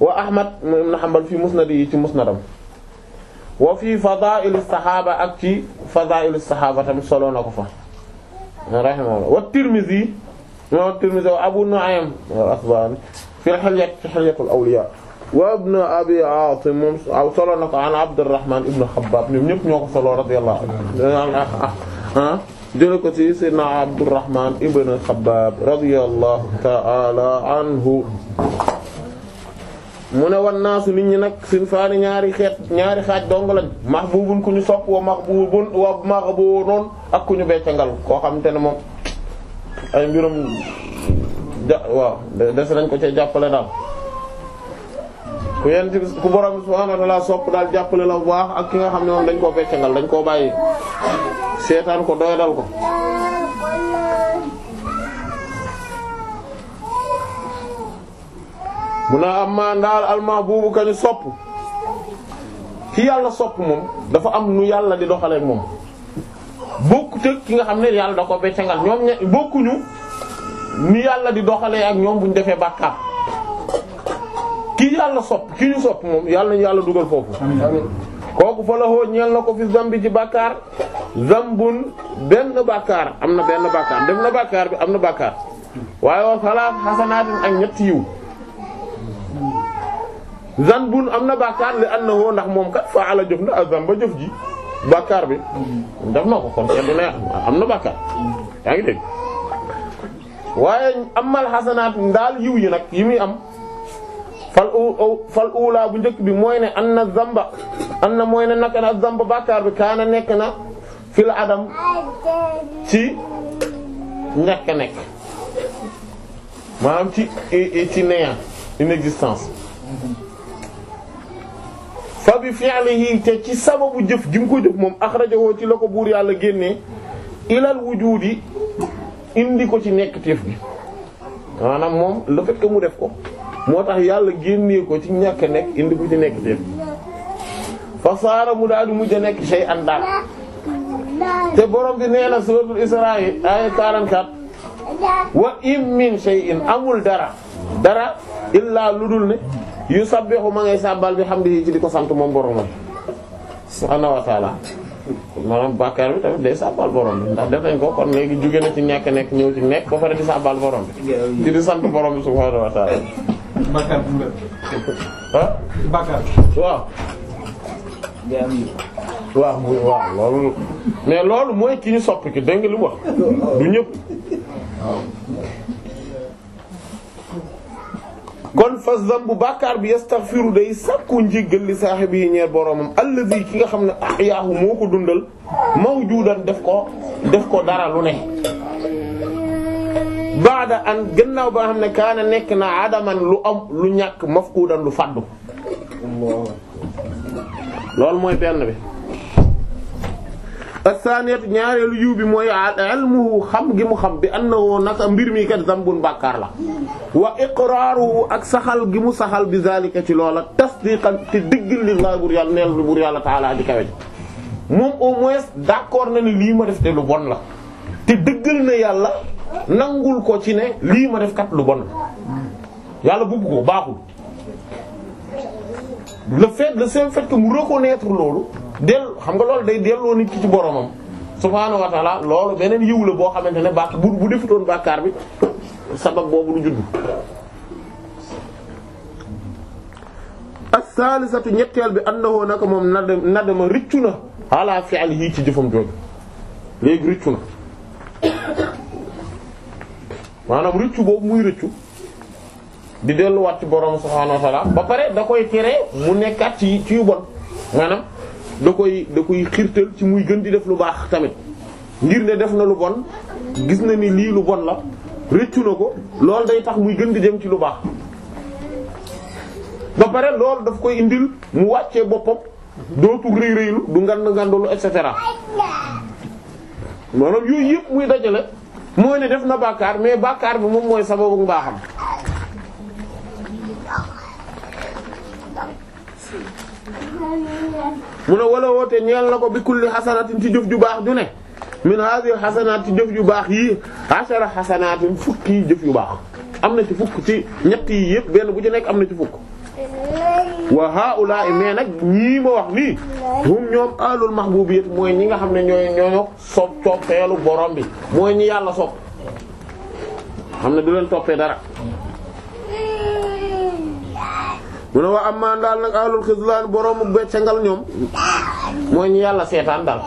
wa Ahmad ibn Hanbal fi musnadi ci musnadam wa fi fadaa'il as-sahaaba ak ci fadaa'il as-sahaaba tamit solo na ko fa rahimahullah wa Tirmizi wa Tirmizi wa Abu Nu'aym al-Asbahaani fi Hilyat fi Hilyatul Awliyaa wa ibn Abi Aasim moom solo na ko an Abdurrahmaan ibn Xabbaab ñoom ñëpp ñoo ko solo radiyallahu anhu ah jële ko ci sayyidina Abdurrahman ibn Khabbab radiyallahu ta'ala anhu mu ne wan naasu nit ñi nag sin faani ñaari xeet ñaari xaaj dong lañ mahbubun ku ñu sopp wa mahbubun wa maghbunun ak ku ñu beccangal koo xam te ne moom ay mbirum ja waaw des nañ ko ca jàppale daal ku yent ku borom subhaanahu wa ta'aala sopp daal jàppale la bu ak ki nga xam ne moom dañ koo beccangal dañ koo bàyyi seetaan ko doyadal ko mu ne amma ndaal almaa buubu kañu sopp ki yàlla sopp moom dafa am nu yàlla di doxaleek moom bokkut ki nga xam ne yàlla da ko beccangal ñoom ña bokkuñu ni yàlla di doxalee ak ñoom bu ñu defee bàkkaar kii yàlla sopp kii ñu sopp moom yàlla yàlla dugal foofu kooku fa la xoo ñeel na ko fi zambi ci bàkkaar zambun benn bàkkaar am na benn bàkkaar def na bàkkaar bi am na bàkkaar waaye wa salaat xasanaatin ak ñetti yiw zambun am na bàkkaar li an na woo ndax moom kat fa ala jëf na a zamba bi def na ko kon am na bàkkaar yaa yiw yi nag yi muy am fal u fal uulaa bu njëkk bi mooy ne an na zamba an na mooy ne naka na zamba bàkkaar bi kaana nekk na fil adam ci ñàkk nekk maanaam ci ci néant inexistence fa bi fi'lihi te ci sababu jëf gi mu ko jëf moom akhrajahu ci la buur yàlla génne ilal wujudi indi ko ci nekk teef gi maanaam moom le fait mu def ko moo tax yàlla génnee ko ci ñàkk nekk indi ko ci nekk def fa saara mu daal di mujj a nekk shay an te borom bi nee na suratul Israa'il aaya 44 wa in min shay'in amul dara dara illaa lu dul ne yusabbihu ma ngay sàbbal bi xam di ci di ko sant moom boromam subhaanahu wa ta'aala maanaam bàkkaar bi tamit day sàbbal borom bi ndax def nañ ko kon léegi jóge na ci ñàkk nekk ñëw ci nekk ba pare di sàbbal borom bi ci di sant borom bi subhaanahu wa Bakar waaw. waaw loolu. mais loolu mooy ki ñu soppi ki dégg nga li wax du ñëpp. kon fas zam bu bàkkaar bi yastaghfiru day sàkku njéggal li saahibi yi ñeer boromam allazi ki nga xam ne ahyaahu moo ko dundal mawjudan def ko def ko dara lu ne baada an gannaaw ba nga xam ne kaana nekk na adaman lu am lu ñàkk mafkuudan lu fàddu loolu mooy benn bi asaniyat ñaareelu yiw bi mooy ilmuhu xam gi mu xam bi woon naka mbir mi kat zambun bàkkaar la wa iqraaruhu ak saxal gi mu saxal bi zalika ci loola tasdiqan te diggal lillahi buur yàlla yàlla taala di kawe moom au moins d'accord na ni lii ma def te lu bon la te dëggal na yàlla nangul ko ci ne lii ma def kat lu bon yàlla bugg ko baaxul le fet le seul fait ko mu reconnaître loolu del xam nga loolu day delloo nit ki ci boromam subhaanahu wa taala loolu beneen yiw boo xamante ne baax bu bu defutoon bàkkaar bi sabab boobu lu judd as-salisatu ñetteel bi woon naka moom a riccu na ala fi'lihi ci jëfam jooju léegi riccu na maanaam rëccu boobu muy rëccu di delluwaat ci borom subhaanahu wa ba pare da koy tere mu nekkaat ci ci yu bon maanaam da koy da koy xirtal ci muy gën di def lu baax tamit ngir ne def na lu bon gis na ni lii lu bon la rëccu na ko loolu day tax muy gën di dem ci lu baax ba pare loolu daf koy indil mu wàccee boppam dootul rëy rëylu du ngand ngandalu et cetera maanaam yooyu yëpp muy dajale. mooy ne def na bàkkaar mais bàkkaar bi moom mooy sababu mbaaxam mu ne wala woote ñeel na ko bi kulli xasanatin ci jëf ju baax ju ne min hasil xasanaat ci jëf ju baax yi ashara xasanaatin fukki jëf yu baax am na ci fukk ci ñett yi yëpp benn bu ci nekk am na ci fukk wa haula mais nag ñii ma wax nii hum ñoom alul mahbubiyyah mooy ñi nga xam ne ñooy ñoo sopp soppeelu borom bi mooy ñi yàlla sopp xam ne du leen toppee dara mu ne waa amma daal nag alul xislaan boroomu beccangal ñoom mooy ñi yàlla seetaan daal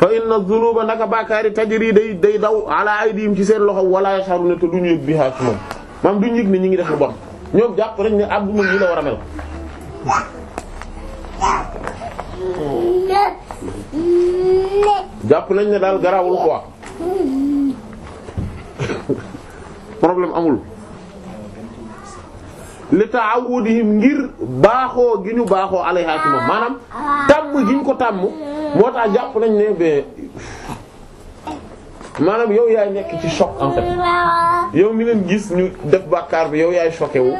fa inna dhunuba naka bàkkaari tajri day day daw ala aydihim ci seen loxo wala yasharuna te duñu yëg biha ci moom maanaam duñ yëg ne ñu ngi def lu bon ñoom jàpp rek ne àdduna nii la war a mel. jàpp nañ ne daal garaawul quoi problème amul li ta'awudihim ngir baaxoo gi ñu baaxoo alayha maanaam tàmm gi ñu ko tàmm moo tax jàpp nañ ne ba maanaam yow yaay nekk ci choc en fait yow mi gis ñu def bakar bi yow yaay choqué wu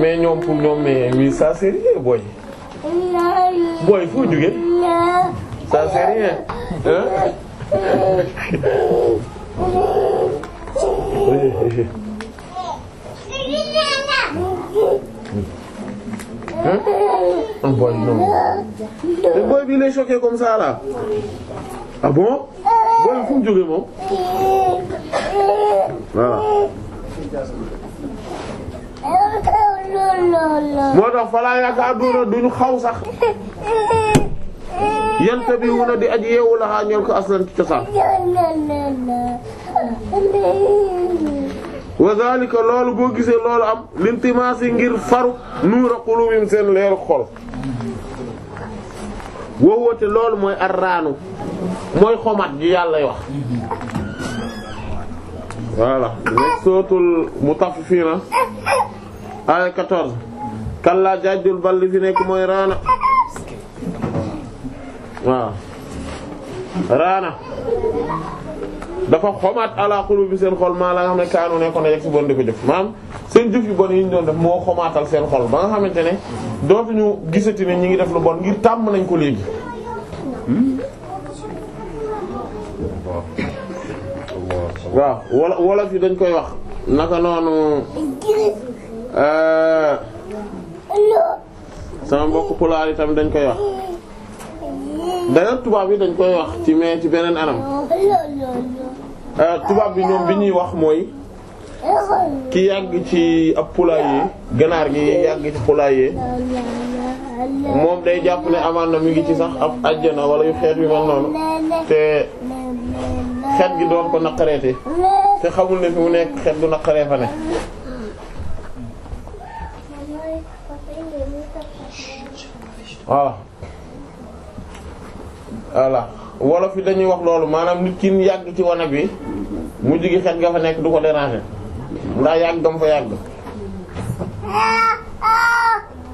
mais ñoom pour ñoom mais mi ça c'est rien booy booy foo jóge ça c'est rien hein booy non booy bi lay choqué comme ça là ah bon booy fu mu moom voilà. moo tax falaa yaakaaruuna duñu xaw sax yantabihuuna di aji yeewu laxaa ñool ko aslan ci cosaan wa zalika loolu boo gisee loolu am lintimaasi ngir faru nuura qulubim seen leeru xol wowoote loolu mooy araanu mooy xomat ji yàlla wax voilà nekk sootul mutaffifina ay 14 kalla jaajul balli fi nekk mooy raana waaw raana dafa xomaat ala qulubi seen xol maa la nga xam ne kaanu ne ko ne yegg si bon di ko jëf maanaam seen jëf yu bon yi ñu doon def moo xomaatal seen xol ba nga xamante ne dootuñu gisati ne ñu ngi def lu bon ngir tàmm nañ ko léegi. waaw wala wolof yi dañ koy wax naka noonu euh, sama mbokk pulaar yi tamit dañ koy wax. d'ailleurs tubaab yi dañ koy wax ci mais ci beneen anam euh, tubaab bi ñoom bi ñuy wax mooy ki yàgg ci ab poulailler ganaar gi yàgg ci yi moom day jàpp ne amaan na mi ngi ci sax ab àjjana wala yu xeet bi mel noonu te xeet gi doon ko naqareete te xamul ne fi mu nekk xeet du naqaree fa ne waaw voilà wolof yi dañuy wax loolu maanaam nit ki yàgg ci wane bi mu jigi xet nga fa nekk du ko déranger ndax yàgg dama fa yàgg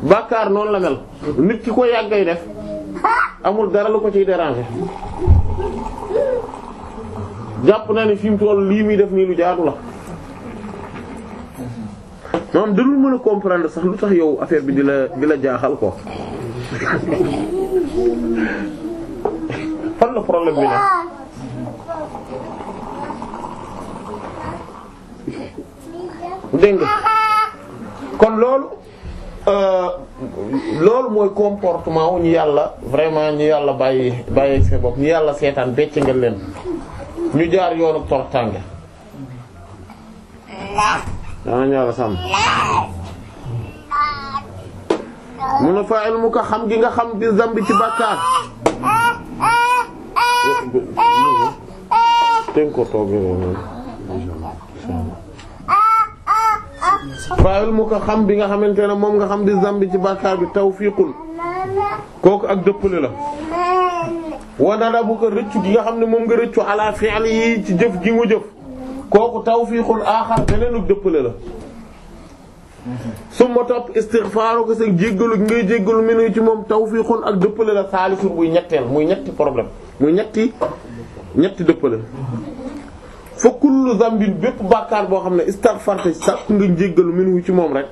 bàkkaar noonu la mel nit ki ko yàggay def amul dara lu ko ciy déranger jàpp na ni fi mu toll lii muy def nii lu jaadu la moom dalul mën a comprendre sax lu tax yow affaire bi di la di la jaaxal ko fan la problème bi ne dégg nga kon loolu euh, loolu mooy comportement wu ñu yàlla vraiment ñu yàlla bàyyi bàyyi seen bopp ñu yàlla seetaan becc nga leen ñu jaar yoonu tortànge dama ñëw sàmm mun a fa ilmuka xam gi nga xam bi zambi ci ten ko toogee noonu fayul mu ko xam bi nga xamante ne moom nga xam di zambi ci bàkkaar bi tawfiqun kooku ak dëppale la wanada bu ko rëccu gi nga xam ne moom nga rëccu ala fi'li yi ci jëf gi mu jëf kooku tawfiqun aaxar beneenug dëppale la su ma topp istighfaaru ko sa jéggalu ngay jéggalu minu ci moom tawfiqun ak dëppale la saalisun buy muy ñetti problème muy ñetti ñetti dëppale fa kullu zambin bépp bàkkaar boo xam ne istaghfarta sàkk nga jéggalu minhu ci moom rek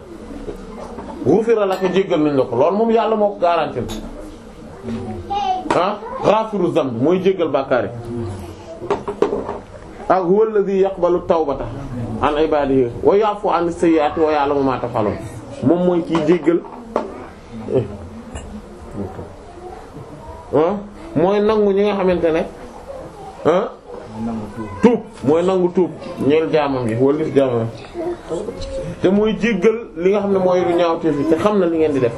ghufira laka jéggal nañ la loolu moom yàlla moo ko garanti ah ghafiru zamb mooy jéggal bàkkaar yi ak huwa alladhi yaqbalu tawbata an ibadihi wa yafu moom mooy kiy jéggal eh. ah mooy nangu ñi nga xamante ne ah tuub mooy nangu tuub ñeel jaamam yi wallif jaamam te muy jéggal li nga xam ne mooy lu ñaawteef yi te xam na li ngeen di def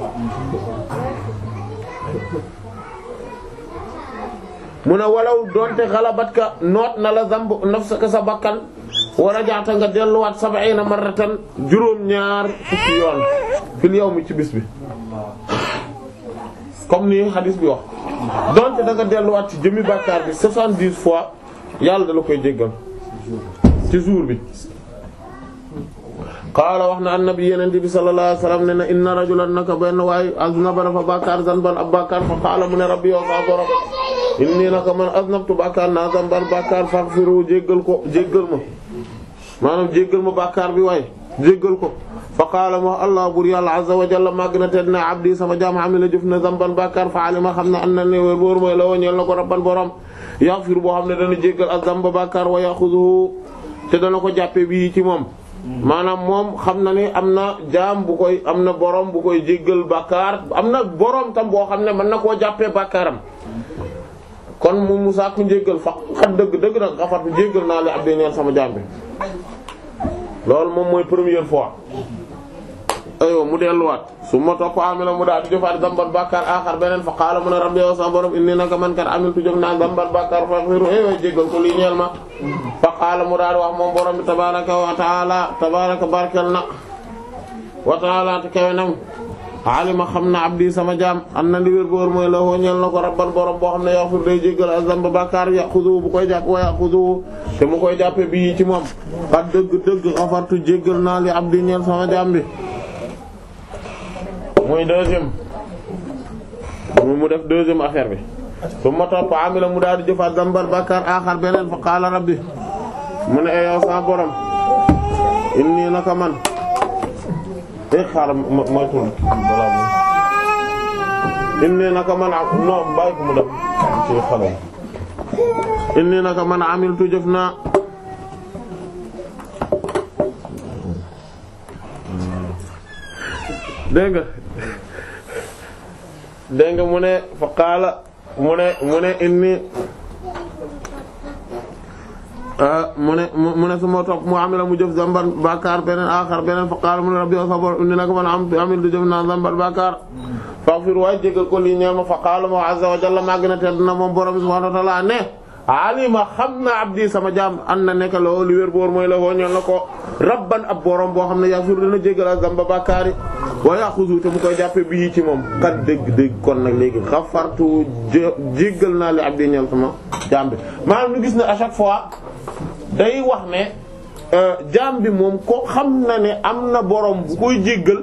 mu ne walaw doonte xalabat ka noot na la zamb nafsaka sa bakkan war a jaata nga delluwaat sab'ina marratan juróom ñaar fukki yoon fil yawmi ci bis bi comme ni hadis bi wax donte daga delluwaat ci jëmmi bàkkaar bi soixante-dix fois yàlla da la koy jéggal ci jour bi qaala wax na annabi yeneen bi sallallahu alayhi wasallam ne na inna rajulan na benn waaye aznaba dafa bàkkaar zanban ab bàkkaar fa qaala mu ne rabbi yow saa borom inni naka man aznabtu bàkkaar naa fa bàkkaar faghfiru jéggal ko jéggal ma maanaam jéggal ma bàkkaar bi waaye jéggal ko fa qaala moo allah buur yàlla azza wa jalla màgg na te dina abdi sama jaam amila jëf na zamban bàkkaar fa alima xam na an na ne wér boor mooy la woñeel na ko rabban borom yaxfir boo xam ne dana jéggal ak zamba bàkkaar wa yaxuduhu te dana ko jàppe bii ci moom maanaam moom xam na ne am na jaam bu koy am na borom bu koy jéggal bàkkaar am na borom tam boo xam ne mën na koo jàppee bàkkaaram kon mu mu sàkku njéggal fa dëgg dëgg nag xafat njéggal naa la abdi ñaan sama jaam bi moom mooy première fois aywa mu delluwaat su ma topp amila mu daal di jëfaat zambat bàkkaar beneen fa xaala mu ne rabbi yow sama borom indi naka man kat amiltu jëf naa zambat bàkkaar fa xiru eh, aywa jéggal ko lii ñeel ma fa xaala mu daal wax moom borom bi tabaaraka wa taala barkel na wa taala te kawe nam xam na abdi sama jaam am na li wér borom boo xam ne yow fir day jéggal azam ba bàkkaar yaxudu bu koy jàpp wa yaxudu te mu koy jàppe bii ci moom xat dëgg dëgg mooy deuxième mu def deuxième affaire bi su ma topp amila mu daal di jëfaat zambar bakkaar beneen fa qaala rabbi mu ne yow sa borom inni naka man eh xaaral ma ma tudd inni naka man a amiltu jëf naa dégg dégg nga mu ne fa qaala mu ne mu ne inni mu ne mu ne suma topp mu amila mu jëf zamban bakar beneen axar beneen fa qaala mu ne rabbi asabor inni naka man am amil du jëf naa zamban bakar faghfir waay jégal ko lii ñeema fa qaala wa azza wa jalla màgg na tedd na moom borom wa ta'aala ne alima xam na abdi sama jaam am na nekk la li wér mooy la woo ñoo na ko rabban ab boroom boo xam ne yaa sur dina jégal ak zamba bàkkaari wa yaxuzu te mu koy jàppe bii ci moom kat dëgg dëgg kon nag léegi xafartu jéggal naa li abdi ñal sama jaam bi maanaam ñu gis ne à chaque fois day wax ne euh, jaam bi moom ko xam na ne am na borom bu koy jéggal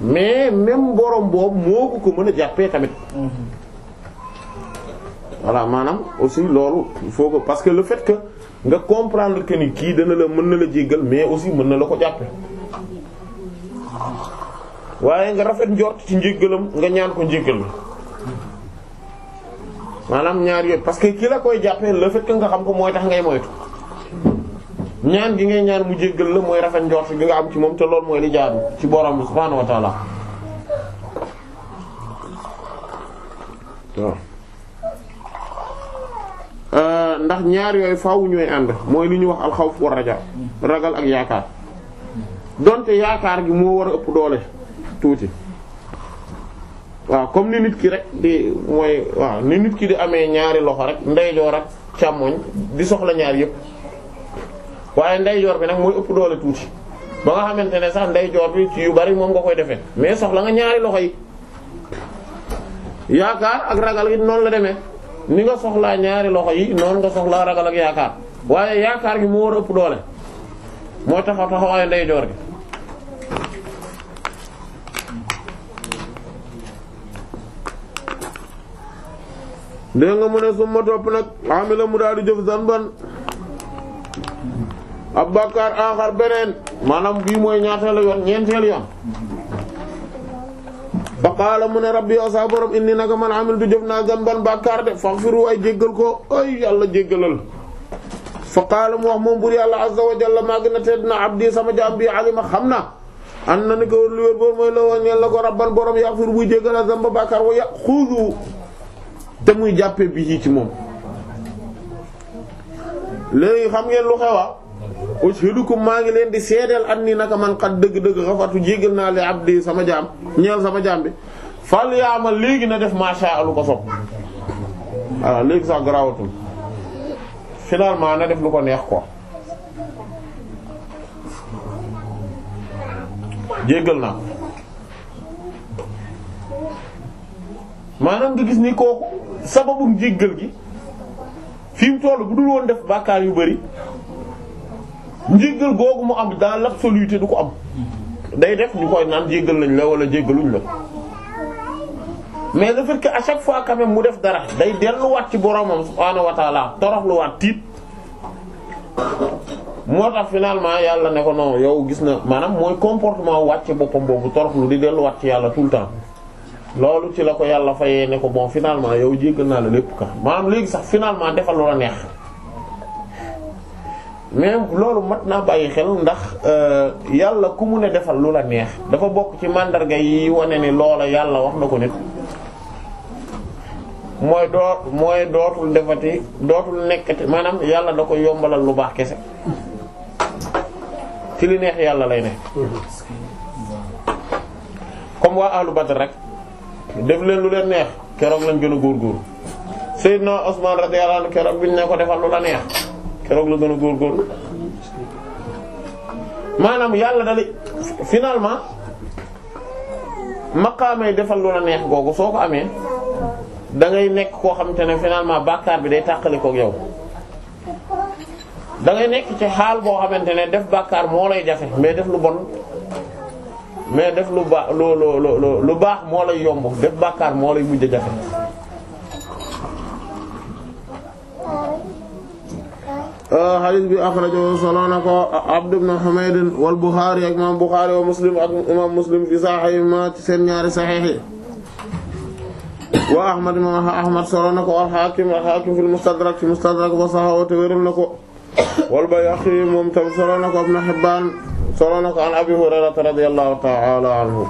mais même borom boobu moo ko ko mën a jàppee tamit mhm. voilà maanaam aussi loolu il faut que parce que le fait nga comprendre que ni kii dana la mën na la jéggal mais aussi mën na la ko jàppe waaye nga rafet njort ci njéggalam nga ñaan ko njéggal la maanaam ñaar yooyu parce que ki la koy jàppee le fait nga xam ko mooy tax ngay moytu ñaan gi ngay ñaan mu jéggal la mooy rafet njort gi nga am ci moom te loolu mooy li jaadu ci borom subhaanahu wa ta'ala waaw Euh, ndax ñaar yooyu faaw ñooy ànd mooy li ñuy wax alxawf war raja ragal ak yaakaar donte yaakaar gi moo war a ëpp doole tuuti waaw comme ni nit ki rek di mooy waaw ni nit ki di amee ñaari loxo rek ndeyjoor ak càmmoñ di soxla ñaar yépp waaye ndeyjoor bi nag mooy ëpp doole tuuti ba nga xamante ne sax ndeyjoor bi ci yu bari moom nga koy defee mais soxla nga ñaari loxo yi yaakaar ak ragal gi noonu la demee. ni nga soxlaa ñaari loxo yi noonu nga soxlaa ragal ak yaakaar waaye yaakaar gi moo war a ëpp doole moo taxaw taxawaayu ndeyjoor gi dégg nga mu ne suma topp nag amila mu daal di jëf zanban ab bàkkaar aaxar beneen maanaam bii mooy ñaateelu yoon ñeenteel yoon fa qaala mu ne rabbi yow borom indi naka man amiltu jëf naa zanban bàkkaar de faghfiru ay jéggal ko ay yàlla jéggalal fa qaala mu wax moom bur yàlla azza wa maa gën a tedd na abdi sama jaam bi alima xam na an na ni ko lu wér boobu mooy la woon ñeel ko rabban borom yaghfir buy jéggal a zamba bàkkaar wa yaxudu te muy jàppee bi moom léegi xam ngeen lu xewa ah? ushidukum maa ngi leen di seedeel an ni naka man xat dëgg-dëgg xafartu jégal naa li abdi sama jaam ñeel sama jaam bi fal yaamal léegi na def macha alu ko sob voilà léegi sax garawatul finalement na def lu ko jégal naa maanaam nga gis ni kooku sababu njéggal gi fi mu toll bu dul woon def bàkkaar yu bari njéggal googu mu am dans l'absolu te du ko am day def ñu koy naan jéggal nañ la wala jéggaluñ la mais le fait a à chaque fois quand même mu def dara day delluwaat ci boromam subhaanahu wa ta'ala toroxluwaat tiit moo tax finalement yàlla ne ko non yow gis na maanaam mooy comportement wàcce boppam boobu toroxlu di delluwaat ci yàlla tout le temps loolu ci la ko yàlla fayee ne ko bon finalement yow jéggal naa la lépp ka maanaam léegi sax finalement defal lu la neex mais loolu mat naa bàyyi xel ndax euh, yàlla ku mu ne defal lu la neex dafa bokk ci màndarga yi wane ni loola yàlla wax na ko nit mooy doo mooy dootul defati dootul nekkati maanaam yàlla da ko yombalal lu baax kese ci li neex yàlla lay ne comme waa ahlu Badr rek def leen lu leen neex keroog lañ gën a guur Seydina Usman radiyallahu anhu keroog biñ ne ko defal lu la neex keroog la gën a góorgóorlu maanaam yàlla dali finalement makaamay defal lu la neex googu soo ko amee dangay nekk koo xamante ne finalement bàkkaar bi day tàqali koog yow dangay ngay nekk ci xaal boo xamante ne def bàkkaar moo lay jafe mais def lu bon mais def lu baax lu lu lu lu baax moo lay yomb def bàkkaar moo lay mujj jafe Euh, hadith bi akhrajahu solo na ko Abd ibn Humayd wal Bukhari ak imaam Bukhari wa Muslim ak imaam Muslim fi sahihima ci seen ñaari sahih wa Ahmad imaam Ahmad solo na ko al Hakim al Hakim fil Mustadrak fi Mustadrak wa sahawa te wéral na ko wal Bayhaqi moom tam solo na ko Ibn Hibban solo na ko an Abi Hurayrata radiyallahu ta'ala anhu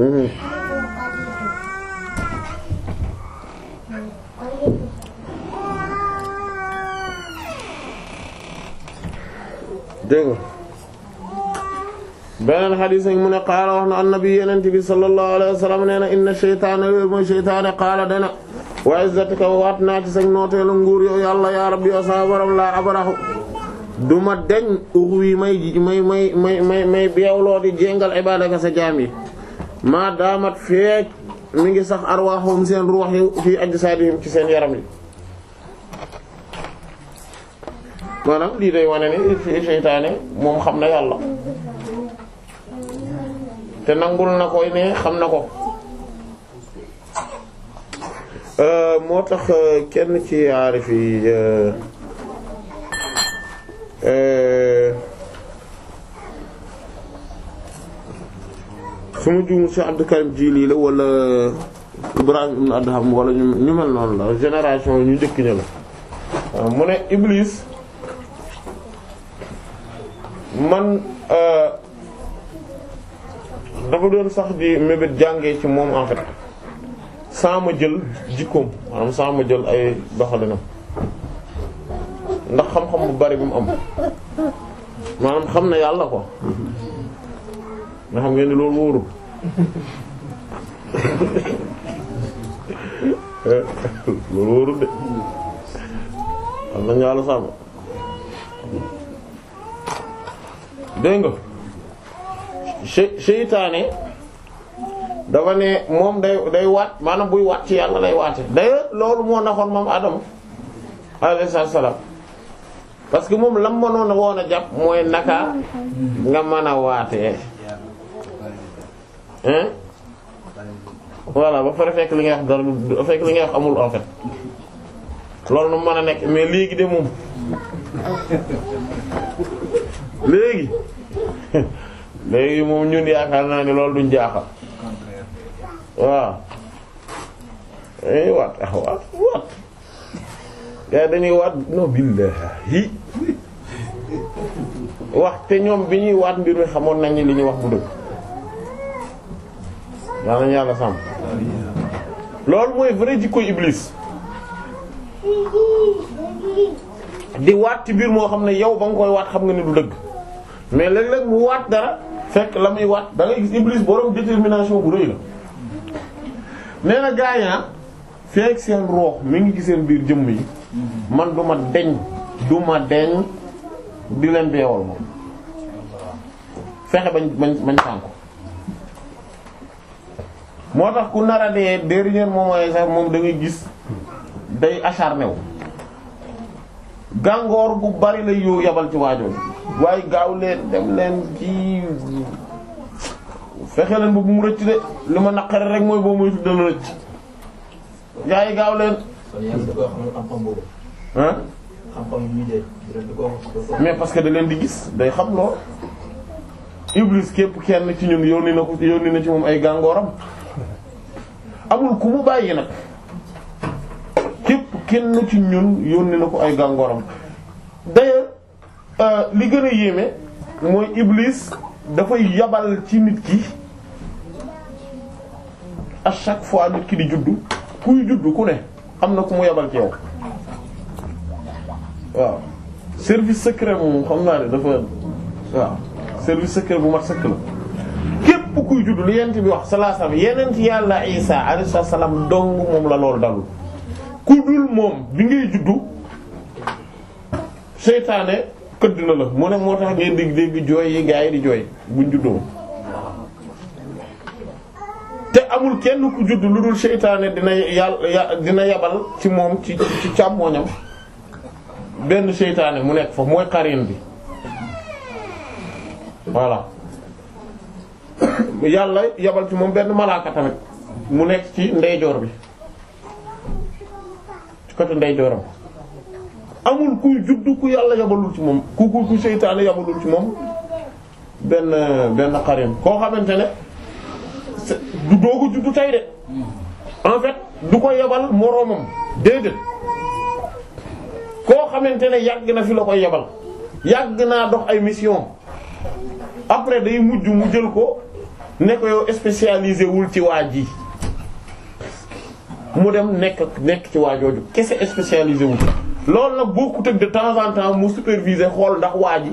mm-hmm dégg nga beneen xadis nag mu ne qaala wax na annabi yenent bi sallallahu alayhi wa sallam nee na inna yooyu mooy sheytaane qaala dana wa izzatika waat naa ci sag nooteelu nguur yow yàlla ya rabbi yow sama borom laa abaraxu du ma deñ uxwi may may may may may beewloo di jéngal ibadaka sa jaam yi maa daamat feek mi ngi sax arwaxum seen ruux yi fii ajsaadihim ci seen yaram yi maanaam lii day wane ne seytaane moom xam na yàlla te nangul na koy ne xam na ko euh, moo tax euh, kenn ci aarif yi euh, su ma juum ci Abdou Karim Jili la wala Ibrahim ibn Adham wala ñu mel noonu la génération ñu njëkk ña la mu ne Iblis man euh, dafa doon sax di mébét jànge ci moom en fait sans ma jël jikkoom maanaam sans ma jël ay doxalinam ndax xam-xam bu bari bi mu am maanaam xam na yàlla ko nga xam ngeen ni loolu wóorul eh, loolu wóorul de xam nañu yàlla sàmm dégg nga seytaane dafa ne moom day day waat maanaam buy waat ci yàlla lay waate d'ailleurs loolu moo naxoon moom Adama alayhi salaam parce que moom lam mënoon woon a jàpp mooy naka nga mën a waate hein voilà ba pare fekk li nga wax dara fekk li nga amul en loolu nu mën a nekk mais léegi de moom léegi léegi moom ñun yaakaar naa ne loolu duñ jaaxal waaw eh, waat ah, waat waat gas dañuy waat no billahi wax te ñoom bi ñuy waat mbir mi xamoon nañ li ñuy wax bu dëgg yaa yàlla sàmm loolu mooy bari jikko iblis di waat ci mbir moo xam ne yow ba nga koy waat xam nga ni du dëgg mais léeg-léeg mu waat dara fekk la muy waat da ngay gis Iblis borom détermination bu rëy la nee na gaa ah, seen roox mi ngi seen biir jëmm yi man du ma deñ du deñ di leen beewal moom fexe bañ bañ bañ moo tax ku nar a dee dernier moment yi sax moom dangay gis day acharné wu gàngoor bu bari la yu yabal ci waajoo waaye gaaw leen dem leen ci fexe leen ba bu mu rëcc de li ma naqare rek mooy boobu mooy fi dana rëcc gaa yi gaaw leen. ah. mais parce que da leen di gis day xam lool. Iblis képp kenn ci ñun yónni na ko yónni na ci moom ay gàngooram amul ku mu bàyyi nag képp kenn ci ñun yónni na ko ay gàngooram Euh, li gën a yéeme mooy iblis dafay yabal ci nit ki a chaque fois nit ki di juddu kuy juddu ku ne am na ku mu yabal ci yow waaw service secret moom xam naa ne dafa waaw service secret bu mat sëkk la képp kuy juddu li yent bi wax sallallahu alayhi yàlla isa alayhi salaam dong moom la loolu dalul ku dul moom bi ngay juddu seytaane xëdd na la mu ne moo tax ngeen di dégg jooy yi gaa yi di jooy buñ juddoo te amul kenn ku judd lu dul seytaane dina yàlla dina yabal ci moom ci ci benn seytaane mu nekk fa mooy karin bi voilà yàlla yabal ci moom benn malaaka tamit mu nekk ci ndeyjoor bi ci côté ndeyjooram amul kuy judd ku yàlla yabalul ci moom ku ku seytaane yabalul ci moom benn benn xarim koo xamante ne du doogu juddu tay de en du ko yebal moroomam déedéet koo xamante ne yàgg na fi la ko yebal yàgg naa dox ay mission après day mujj mu jël ko ne ko yow spécialisé wul ci waa ji mu dem nekk nekk ci waajooju kese spécialisé wul loolu nag bokkut ak de temps en temps mu superviser xool ndax waa ji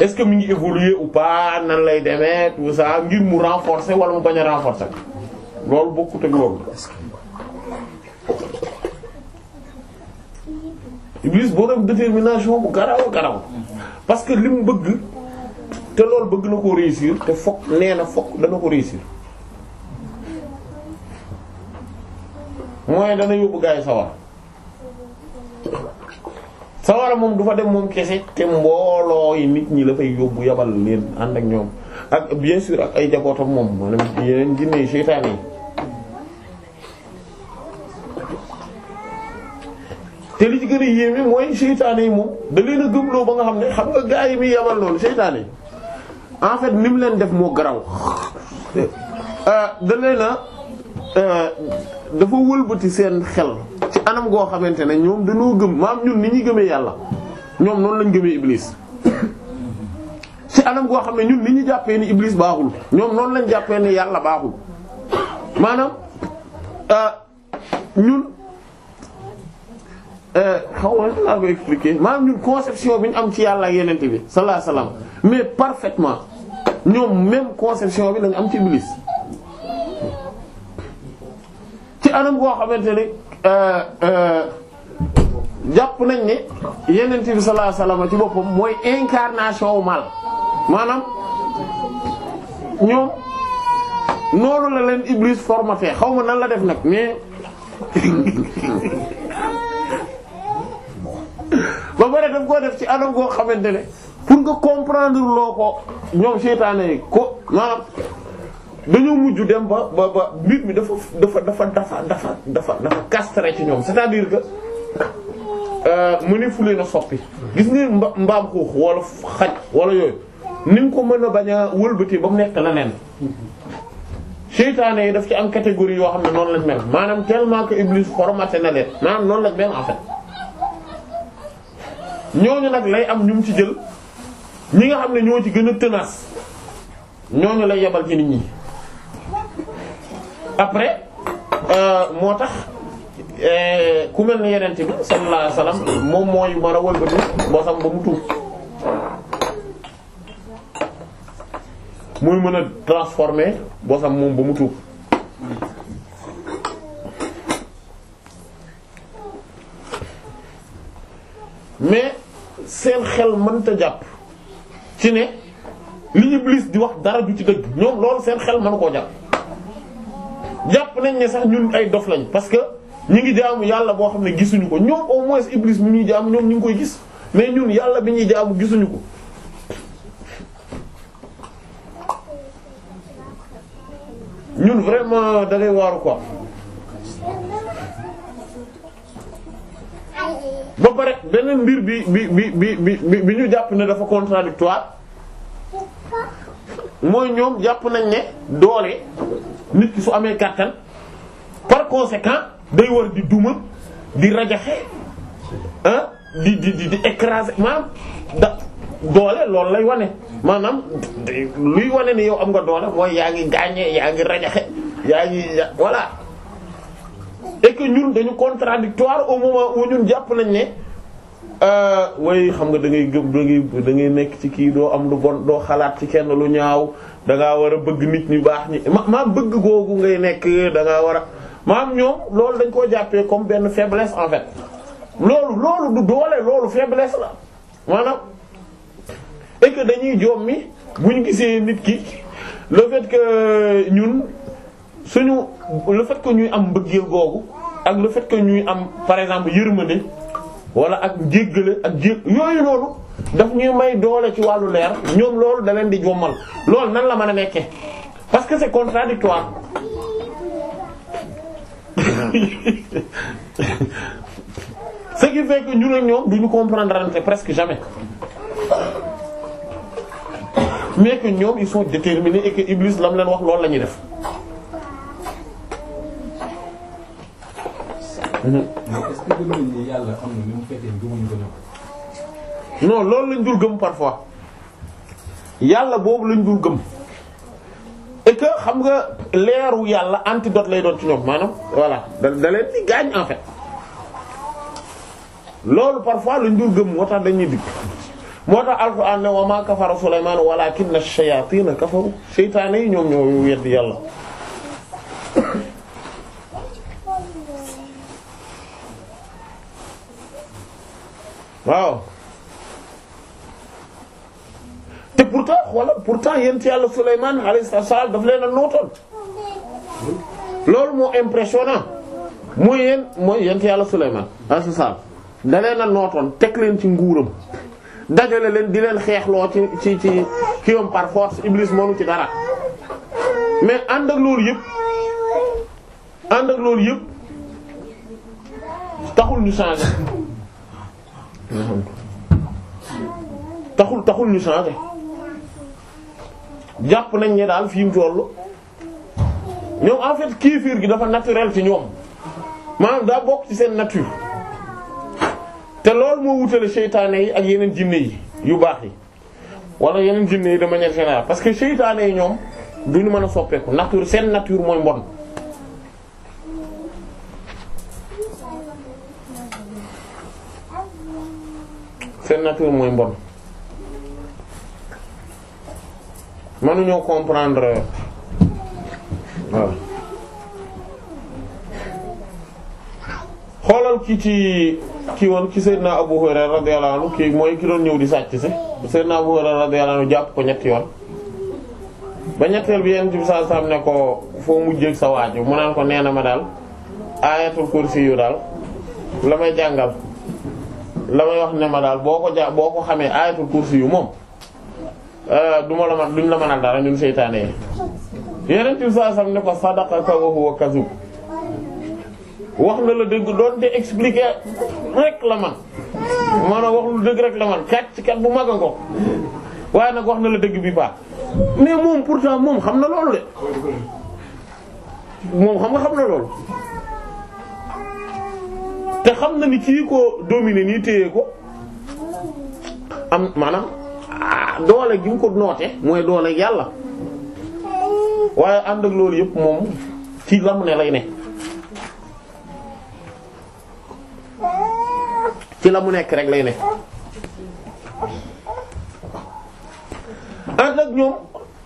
est-ce que mi ngi évoluer ou pas nan lay demee tout ça ngir mu renforcer wala mu bañ a renforcer loolu bokkut ak loolu. Iblis borom détermination bu garaw garaw parce que li mu bëgg te loolu bëgg na ko réussir te fokk nee na fokk dana ko réussir. mooy dana yóbbu gaa yi sawar a moom du fa dem moom kese te mbooloo yi nit ñi la fay yóbbu yabal leen ànd ak ñoom ak bien sûr ak ay jabootam moom maanaam yeneen jinne yi seytaane yi te li ci gën yéeme mooy seytaane yi moom da leen a gëmloo ba nga xam ne xam nga gaa yi muy yabal loolu seytaane yi en fait ni leen def moo garaw euh, da na a euh, dafa wëlbati seen xel anam goo xamante ne ñoom dañoo gëm maam ñun ni ñuy gëmee yàlla ñoom noonu lañ gëmee iblis ci anam goo xam ne ñun ni ñu jàppee ni iblis baaxul ñoom noonu lañ jàppee ni yàlla baaxul maanaam euh, ñun euh, xaw ma laa koy maanaam ñun conception bi ñu am ci yàlla ak bi sallallahu alayhi wasallam mais parfaitement ñoom même conception bi lañ am ci iblis ci anam goo xamante ne. Euh, euh, jàpp nañ ni yenent bi sallallahu alayhi wasallam ci boppam mooy incarnation wu mal maanaam ñoom noonu la leen Iblis formaté xaw ma nan la def nag mais ba bari daf koo def ci anam goo xamante ne pour nga comprendre loo ko ñoom seytaane ko maanaam dañoo mujj dem ba ba ba mbir mi dafa dafa dafa dafa dafa dafa dafa castré ci ñoom c'est-à-dire que euh, mu ne fu leen a soppi. gis ngeen mba mbaam xuux wala xaj wala yooyu ni nga ko mën a bañ a wëlbatee ba mu nekk leneen. seytaane yi daf ci am catégorie yoo xam ne noonu lañ mel maanaam tellement que Iblis formaté na leen maanaam noonu lañ mel en fait ñooñu nag lay am ñum ci jël ñi nga xam ne ñoo ci gën a tenace ñooñu lay yebal ci nit ñi. après euh, moo tax euh, ku mel ni yeneen bi sallallahu alayhi moom mooy war a wëlbati boo xam ba mu tuub muy mën a transformer boo moom ba mu tuub mais seen xel mënta jàpp ci ne li Iblis di wax dara du ci dëgg ñoom loolu seen xel mënu koo jàpp jàpp nañ ne sax ñun ay dof lañ parce que ñu ngi jaamu yàlla boo xam ne gisuñu ko ñoom au moins iblis mu ñuy jaamu ñoom ñu ngi koy gis mais ñun yàlla bi ñuy jaamu gisuñu ko. ñun vraiment da ngay waaru quoi ba pare beneen mbir bi bi bi bi bi ñu jàpp ne dafa contradictoire mooy ñoom jàpp nañ ne doole nit ki su amee kàttan par conséquent day war di duma di rajaxe ah di di di di écraser maanaam da doole loolu lay wane maanaam luy wane ni yow am nga doole mooy yaa ngi gaañee yaa ngi rajaxe yaa ngi voilà et que ñun dañu contradictoire au moment où ñun jàpp nañ ne Ah, way xam nga da ngay gëm da da ngay nekk ci kii doo am lu bon doo xalaat ci kenn lu ñaaw da ngaa war a bëgg nit ñi baax ñi ma maa bëgg googu ngay nekk da ngaa war a maam ñoom loolu dañ koo jàppee comme benn faiblesse en fait loolu loolu du doole loolu faiblesse la maanaam et dañuy joom bu ñu gisee nit ki le fait que ñun suñu le fait que ñuy am mbëggeel googu ak le fait ñuy am par exemple yërmande wala ak jéggale ak jég yooyu loolu daf ñuy may doole ci wàllu leer ñoom loolu da leen di jommal lool nan la mën a nekkee parce que c'est contradictoire ce qui fait que ñun ñoom duñu comprendre ren presque jamais mais que ñoom ils sont déterminés et que Iblis lam leen wax loolu lañuy def. non loolu lañ dul gëm parfois yàlla boobu lañ dul gëm et xam nga leeru yàlla antidote lay doon ci ñoom maanaam voilà da da leen di gaañ en fait loolu parfois lañ dul gëm moo tax dañuy dikk moo tax alxuraan ne wa maa kafara Sulaymaan walaakinna ash-shayaatiina kafaru seytaane yi ñoom ñoo weddi yàlla waaw te pourtant wala pourtant yéen ci yàlla Souleymane alayhi salaam daf leen a nootoon loolu moo impressionnant mooy yéen mooy yéen ci yàlla Souleymane alayhi salaam da leen a nootoon teg leen ci nguuram dajale leen di leen xeexloo ci ci ci kiwam par force Iblis mënu ci dara mais ànd ak loolu yëpp ànd ak loolu yëpp taxul ñu changer. taxul taxul ñu changer jàpp nañ ne daal fi mu ñoom en fait kéefir gi dafa naturel ci ñoom maanaam daa bokk ci seen nature te loolu moo wutale seytaane yi ak yeneen jinne yi yu baax yi wala yeneen jinne yi de manière générale parce que seytaane yi ñoom ñu mën a soppeeku nature seen nature mooy mbon seen nature mooy mbon mënuñoo comprendre waaw xoolal ki ci kii woon ki Seydina Abu Hurayra radiyallahu anhu ki mooy ki doon ñëw di sàcc si Seydina Abu Hurayra radiyallahu anhu jàpp ko ñetti yoon ba ñetteel bi yenn ci saa saam ne ko foo mujjeek sa waaju mu naan ko nee na ma daal ayatul kursi yu daal la may jàngal la wax ne ma daal boo ko jaar boo ko xamee ayatul kursi yu moom euh, du ma la man duñ la mënal dara ñun seytaane yi yeneen ci saa sam ne ko sadaqaka wa huwa kazub wax na la dëgg doon te expliquer rek la man maanaam wax lu dëgg rek la man kat ci kat bu mag a ngoog waaye nag wax na la dëgg bi baax mais moom pourtant moom xam na loolu de moom xam nga xam na loolu te xam na ni kii ko dominer ni téye ko am maanaam ah, doole gi ko noote mooy doole yàlla waaye ànd ak loolu yëpp moom ci lam ne lay ne ci la mu nekk rek lay ne ànd ak ñoom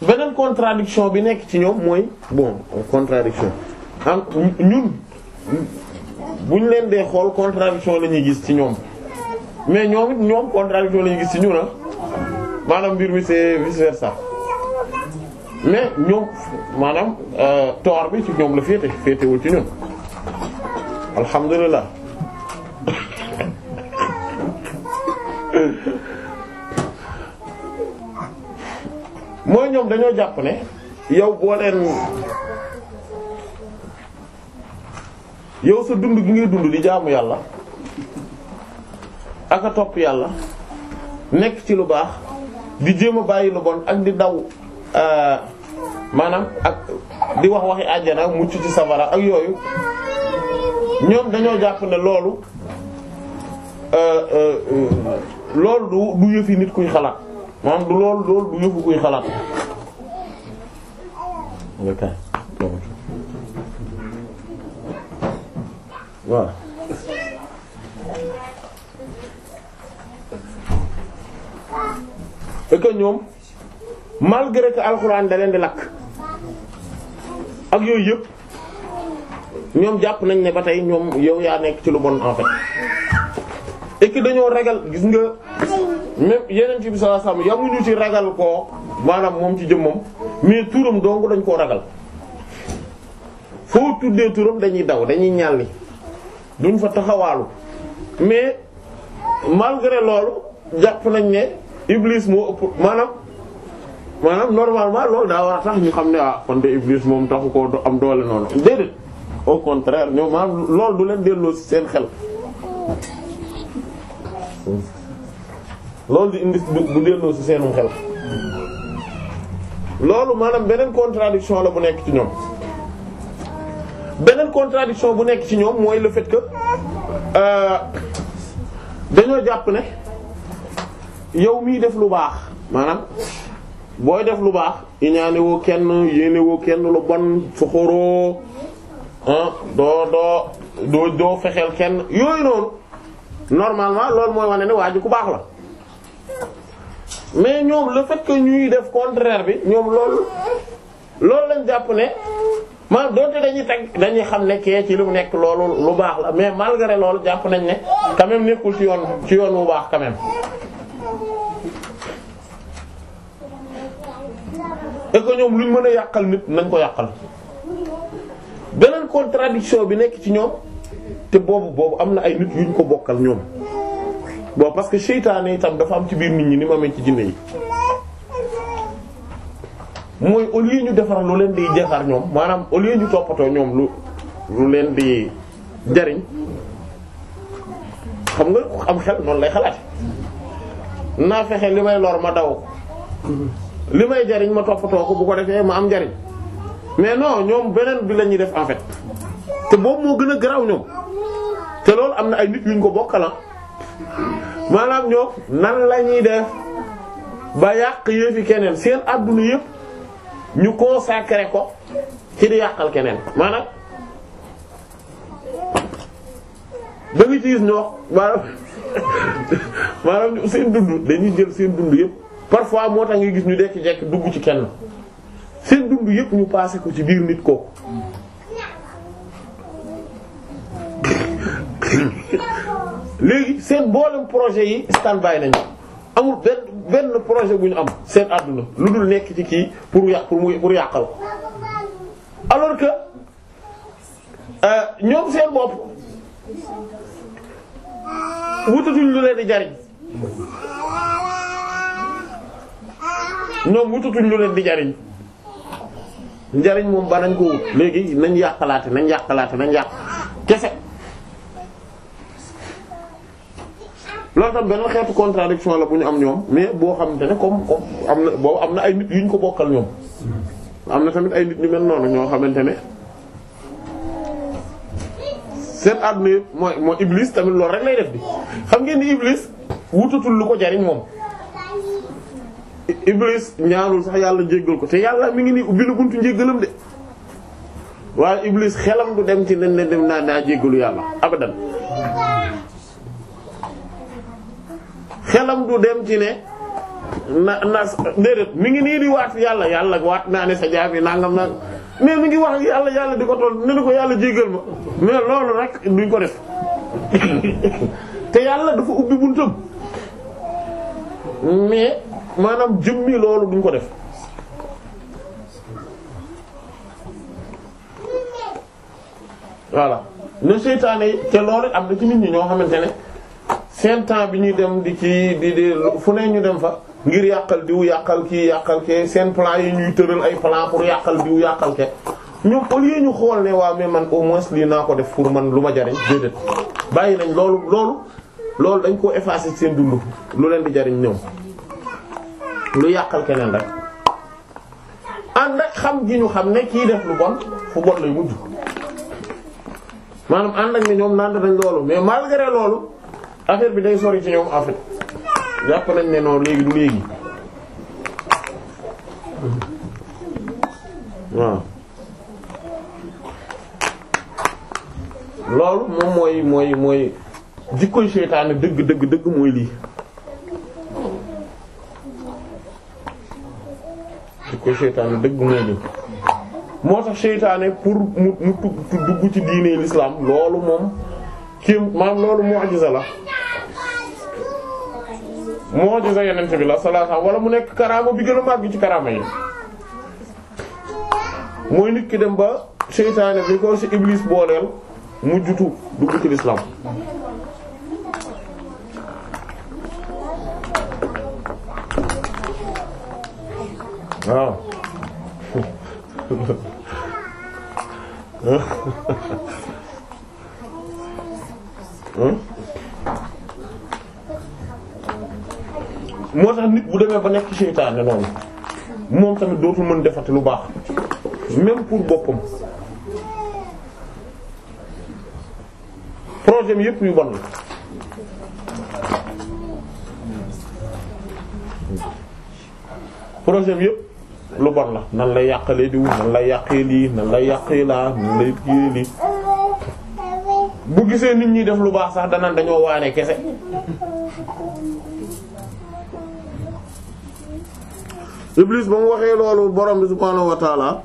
beneen contradiction bi nekk ci ñoom mooy bon contradiction am ñun buñ leen dee xool contradiction la ñuy gis ci ñoom mais ñoom it ñoom contradiction la ñuy gis ci ñu a ah. maanaam mbir mi c'est vice mais ñoom maanaam euh, toor bi ci ñoom la féete féetewul ci ñun alhamdulilah mooy ñoom dañoo jàpp ne yow boo leen yow sa dund gi ngay dund li jaamu yàlla ak topp yàlla nekk ci lu baax di jéem a bàyyi lu bon ak di daw euh, maanaam ak di wax waxi àjjana ak mucc ci safara ak yooyu ñoom dañoo jàpp ne loolu euh, euh, lool du yëfi nit kuy xalaat maanaam du loolu du yëfu kuy xalaat. voilà et ñoom malgré que alxuraan da di lakk ak yooyu yëpp ñoom jàpp nañ ne ba tey ñoom yow yaa nekk ci lu bon en fait dañoo ragal gis nga même yeneen ci bi sallallahu alayhi yamuñu ci ragal koo maanaam moom ci jëmmam mais turam dong dañ koo ragal foo tuddee turam dañuy daw dañuy ñàlli duñ fa taxawaalu mais malgré loolu jàpp nañ ne iblis moo ëpp maanaam maanaam normalement loolu daa war tax ñu xam ne ah kon de iblis moom taxu koo am doole noonu déedéet au contraire ñoom maanaam loolu du leen delloo ci seen xel loolu di ci seenum xel loolu maanaam beneen contradiction la bu nekk ci ñoom beneen contradiction bu nekk ci ñoom mooy le fait que euh, dañoo jàpp ne yow miy def lu baax maanaam booy def lu baax iñaane woo kenn yéene kenn lu bon soxoroo doo doo doo fexeel kenn yooyu noonu normalement loolu mooy wane ne waa ji ku baax la mais ñoom le fait ñuy def contraire bi ñoom loolu loolu lañ jàpp ne maanaam doonte dañuy teg dañuy xam nekk kee ci lu nekk loolu lu baax la mais malgré loolu jàpp nañ ne quand même nekkul ci yoon ci yoon bu baax quand même. et ñoom luñ mën a yàqal nit nañ ko yàqal beneen contradiction bi nekk ci ñoom te boobu boobu am na ay nit yuñ ko bokkal ñoom bon parce que seytaane itam dafa am ci biir nit ñi ni ma amee ci jinne yi. mooy au lieu ñu defar lu leen di defar ñoom maanaam au lieu ñu toppatoo ñoom lu lu leen di jariñ xam nga am xel noonu lay xalaat naa fexe li may lor ma daw li may jariñ ma toppatoo ko bu ko defee ma am jariñ mais non ñoom beneen bi la ñuy def en fait te boobu moo gën a garaaw ñoom te loolu am na ay nit yuñ ko bokkala ah. maanaam ñoom nan la ñuy def ba yàq yëfi keneen seen àdduna yëpp ñu consacré ko ci di yàqal keneen maanaam da nga ci gis ñoo maanaam maanaam seen dund dañuy jël seen dund yëpp parfois moo tax ngay gis ñu dekk jekk dugg ci kenn seen dund yépp ñu passé ko ci biir nit kooku léegi seen boolem projet yi stand by nañu amul benn projet bu ñu am seen àdduna lu dul nekk ci kii pour yàq pour muy pour yàqal alors que euh, ñoom seen bopp wutatuñ lu leen di jariñ ñoom wutatuñ lu leen di jariñ njariñ moom ba nañ ko wut léegi nañ yàqalaate nañ yàqalaate nañ yàq kese loolu tam benn xeetu contradiction la bu ñu am ñoom mais boo xamante ne comme comme am na boobu am na ay nit yu ñu ko bokkal ñoom am na tamit ay nit ñu mel noonu ñoo xamante ne seen àdduna mooy mooy iblis tamit loolu rek lay def bi xam ngeen ni iblis wutatul lu ko jariñ moom iblis ñaanul sax yàlla jéggal ko te yàlla mi ngi nii ubbi la buntu njéggalam de waaye iblis xelam du dem ci len ne dem naa naa jéggalu yàlla abadan xelam du dem ci ne na na déedéet mi ngi nii di waat yàlla yàlla waat naa ne sa jaam yi nangam nag mais mi ngi wax yàlla yàlla di ko toll ne ni ko yàlla jéggal ma mais loolu rek duñ ko def te yàlla dafa ubbi buntam mais maanaam jëmmi loolu duñ ko def voilà ne seytaane te loolu am na ci nit ñi ñoo xamante ne seen temps bi ñuy dem di ci di di fu ne ñu dem fa ngir yàqal diw yàqal kii yàqal ke seen plan yi ñuy tëral ay plan pour yàqal diw yàqal ke ñu au lieu ñu xool ne waaw mais man au moins lii naa ko def pour man lu ma jariñ déedéet bàyyi nañ loolu loolu loolu dañ koo effacer seen dund lu leen di jariñ ñoom lu yàqal keneen rek ànd ak xam gi ñu xam ne kii def lu bon fu bon lay mujj maanaam ànd ak ne ñoom naan dañ loolu mais malgré loolu. affaire bi day sori ci ñoom en fait nañ ne non léegi du léegi waaw loolu moom mooy mooy mooy jikkoy seytaane dëgg dëgg dëgg mooy lii jikkoy seytaane dëgg mooy lii moo tax seytaane pour mu mu dugg ci diine l'islam loolu moom kéem maanaam loolu mu'jiza la mujiza yonent bi la salaasa wala mu nekk karaama bi gën a màgg ci karaama yi mooy nit ki dem ba seytaane bi ko ci iblis booleel mu jutu dugg ci lislaam waaw moo tax nit bu demee ba nekk seytaane noonu moom tamit dootul mën defati lu baax même pour boppam projet yépp yu bon la lu bon la nan lay yàqalee diw nan lay yàqee lii nan lay yàqee laa nan lii bu gisee nit ñi def lu baax sax danaan dañoo waane kese Iblis ba mu waxee loolu borom bi subhaanahu wa taala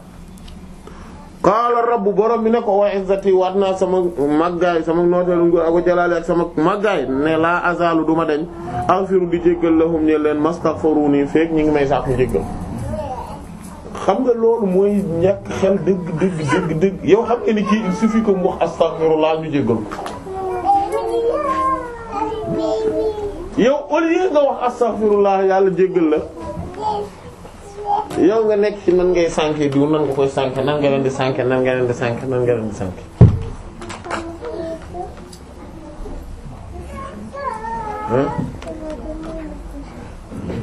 qaala rabbu borom bi ne ko wa izzati waat naa sama màggaay sama nooteelu nguur ak jalaali ak sama màggaay ne laa azaalu duma deñ aghfiru di jéggal lahum ñe leen mastaghfiruni feek ñi ngi may sàkku jéggal xam nga loolu mooy ñàkk xel dëgg dëgg dëgg dëgg yow xam nga ni kii il suffit que mu wax astaghfirullah ñu jéggal ko yow au lieu nga wax astaghfirullah yàlla jéggal la yow nga nekk ci nan ngay sànke diw nan nga koy sànke nan nga leen di sànke nan nga leen di sànke nan nga leen di sànke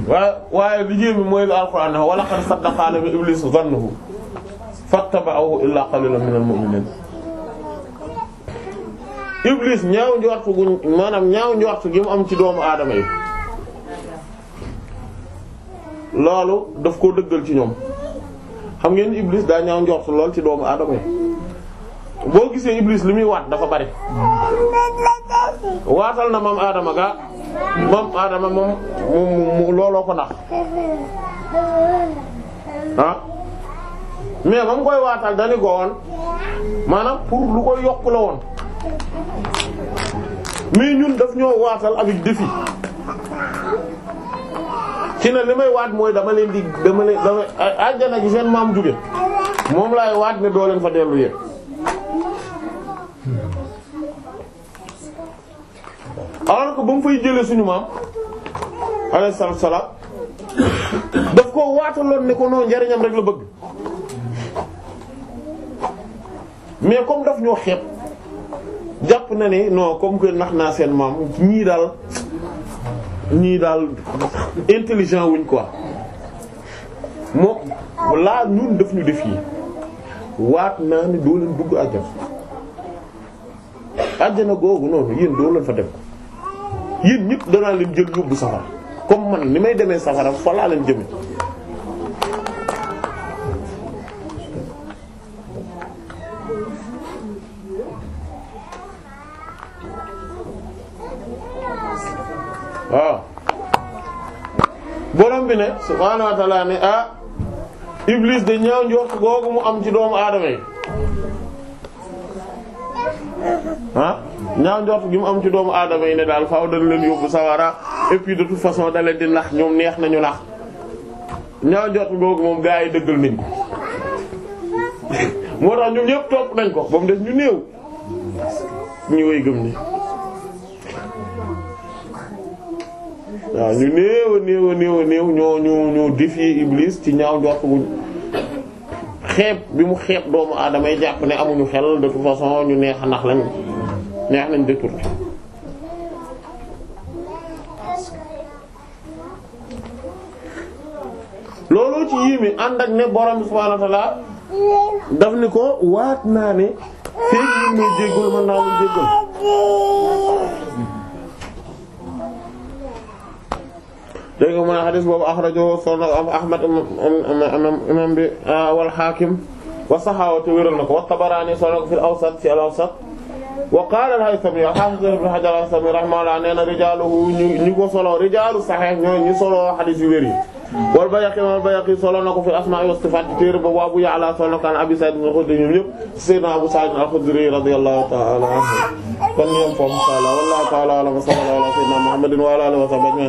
waaye waaye liggéey bi mooy lu alxuraan wa laqad saddaqa alayhim ibliisu zannahu fattaba'ahu illaa qaliilan minal mu'miniin iblis ñaaw njortu gu maanaam ñaaw njortu gi mu am ci doomu aadama yi loolu daf koo dëggal ci ñoom xam ngeen iblis daa ñaaw njort lool ci doomu adama yi boo gisee iblis li muy waat dafa bari waatal na moom aadama ga moom aadama moom mu looloo ko nax ah mais ba mu koy waatal dañu woon maanaam pour lu ko yokk la woon mais ñun daf ñoo waatal avec défi ci ne li may waat mooy dama leen di dama leen dama àjjana ji seen maam jóge moom laay waat ne doo leen fa dellu yéen alors que ba mu fay jële suñu maam alayhi salaatu salaam daf ko waataloon ne ko noo njariñam rek la bëgg mais comme daf ñoo xeeb jàpp na ne non comme que nax naa seen maam ñii daal ñii daal intelligent wuñ quoi moom laa ñun def ñu def yi waat naa ne doo leen dugg àjjana àjjana googu noonu yéen doo leen fa dem yéen ñëpp danaa leen jël yóbbu safara comme man ni may demee safara fa laa leen jëme waaw borom bi ne subhaanahu ne ah Iblis de ñaaw njort googu mu am ci doomu aadama yi ah ñaaw njort gi mu am ci doomu aadama yi ne daal faaw dañ leen yóbbu sawara et puis de toute façon da di nax ñoom neex nañu nax ñaaw njort googu moom gaa yi dëggal nañ ko moo tax nañ ko ba mu ñu néew ñu wéy gëm ni waaw ñu néew a néew a néew ñoo ñoo défier Iblis ci ñaaw njort bu xeeb bi mu xeeb doomu aadama yi jàpp ne amuñu xel de toute façon ñu neex a nax lañ neex nañ détourné looloo ci yéeme ànd ak ne borom subhaanahu wa ta'aala daf ni ko waat naa ne fii nii muy jégalu mën naa lu jégalu. dégg nga mu ne xadis boobu axrajo solo ahmad imam bi wal xaakim wa saxaawa te wéral na ko wa tabaraani solo fi al-awsat fi al-awsat wa qaala al-haythami al-hafiz ibn hajar al-haythami rahimahullah nee na rijaaluhu ñu ko solo rijaalu saxiix ñoo ñu solo xadis yu wér yi wal Bayhaqi wal Bayhaqi solo na ko fi asmaa wa sifaat ci téere ba Abu Ya'la solo na ko an Abi Sa'id al-Khudri ñoom ñëpp Sayyidina Abu Sa'id al-Khudri radiyallahu ta'ala anhu kon ñoom foofu inshallah wallahu ta'ala a'lam wa sallallahu ala sayyidina Muhammadin wa ala alihi wa sahbihi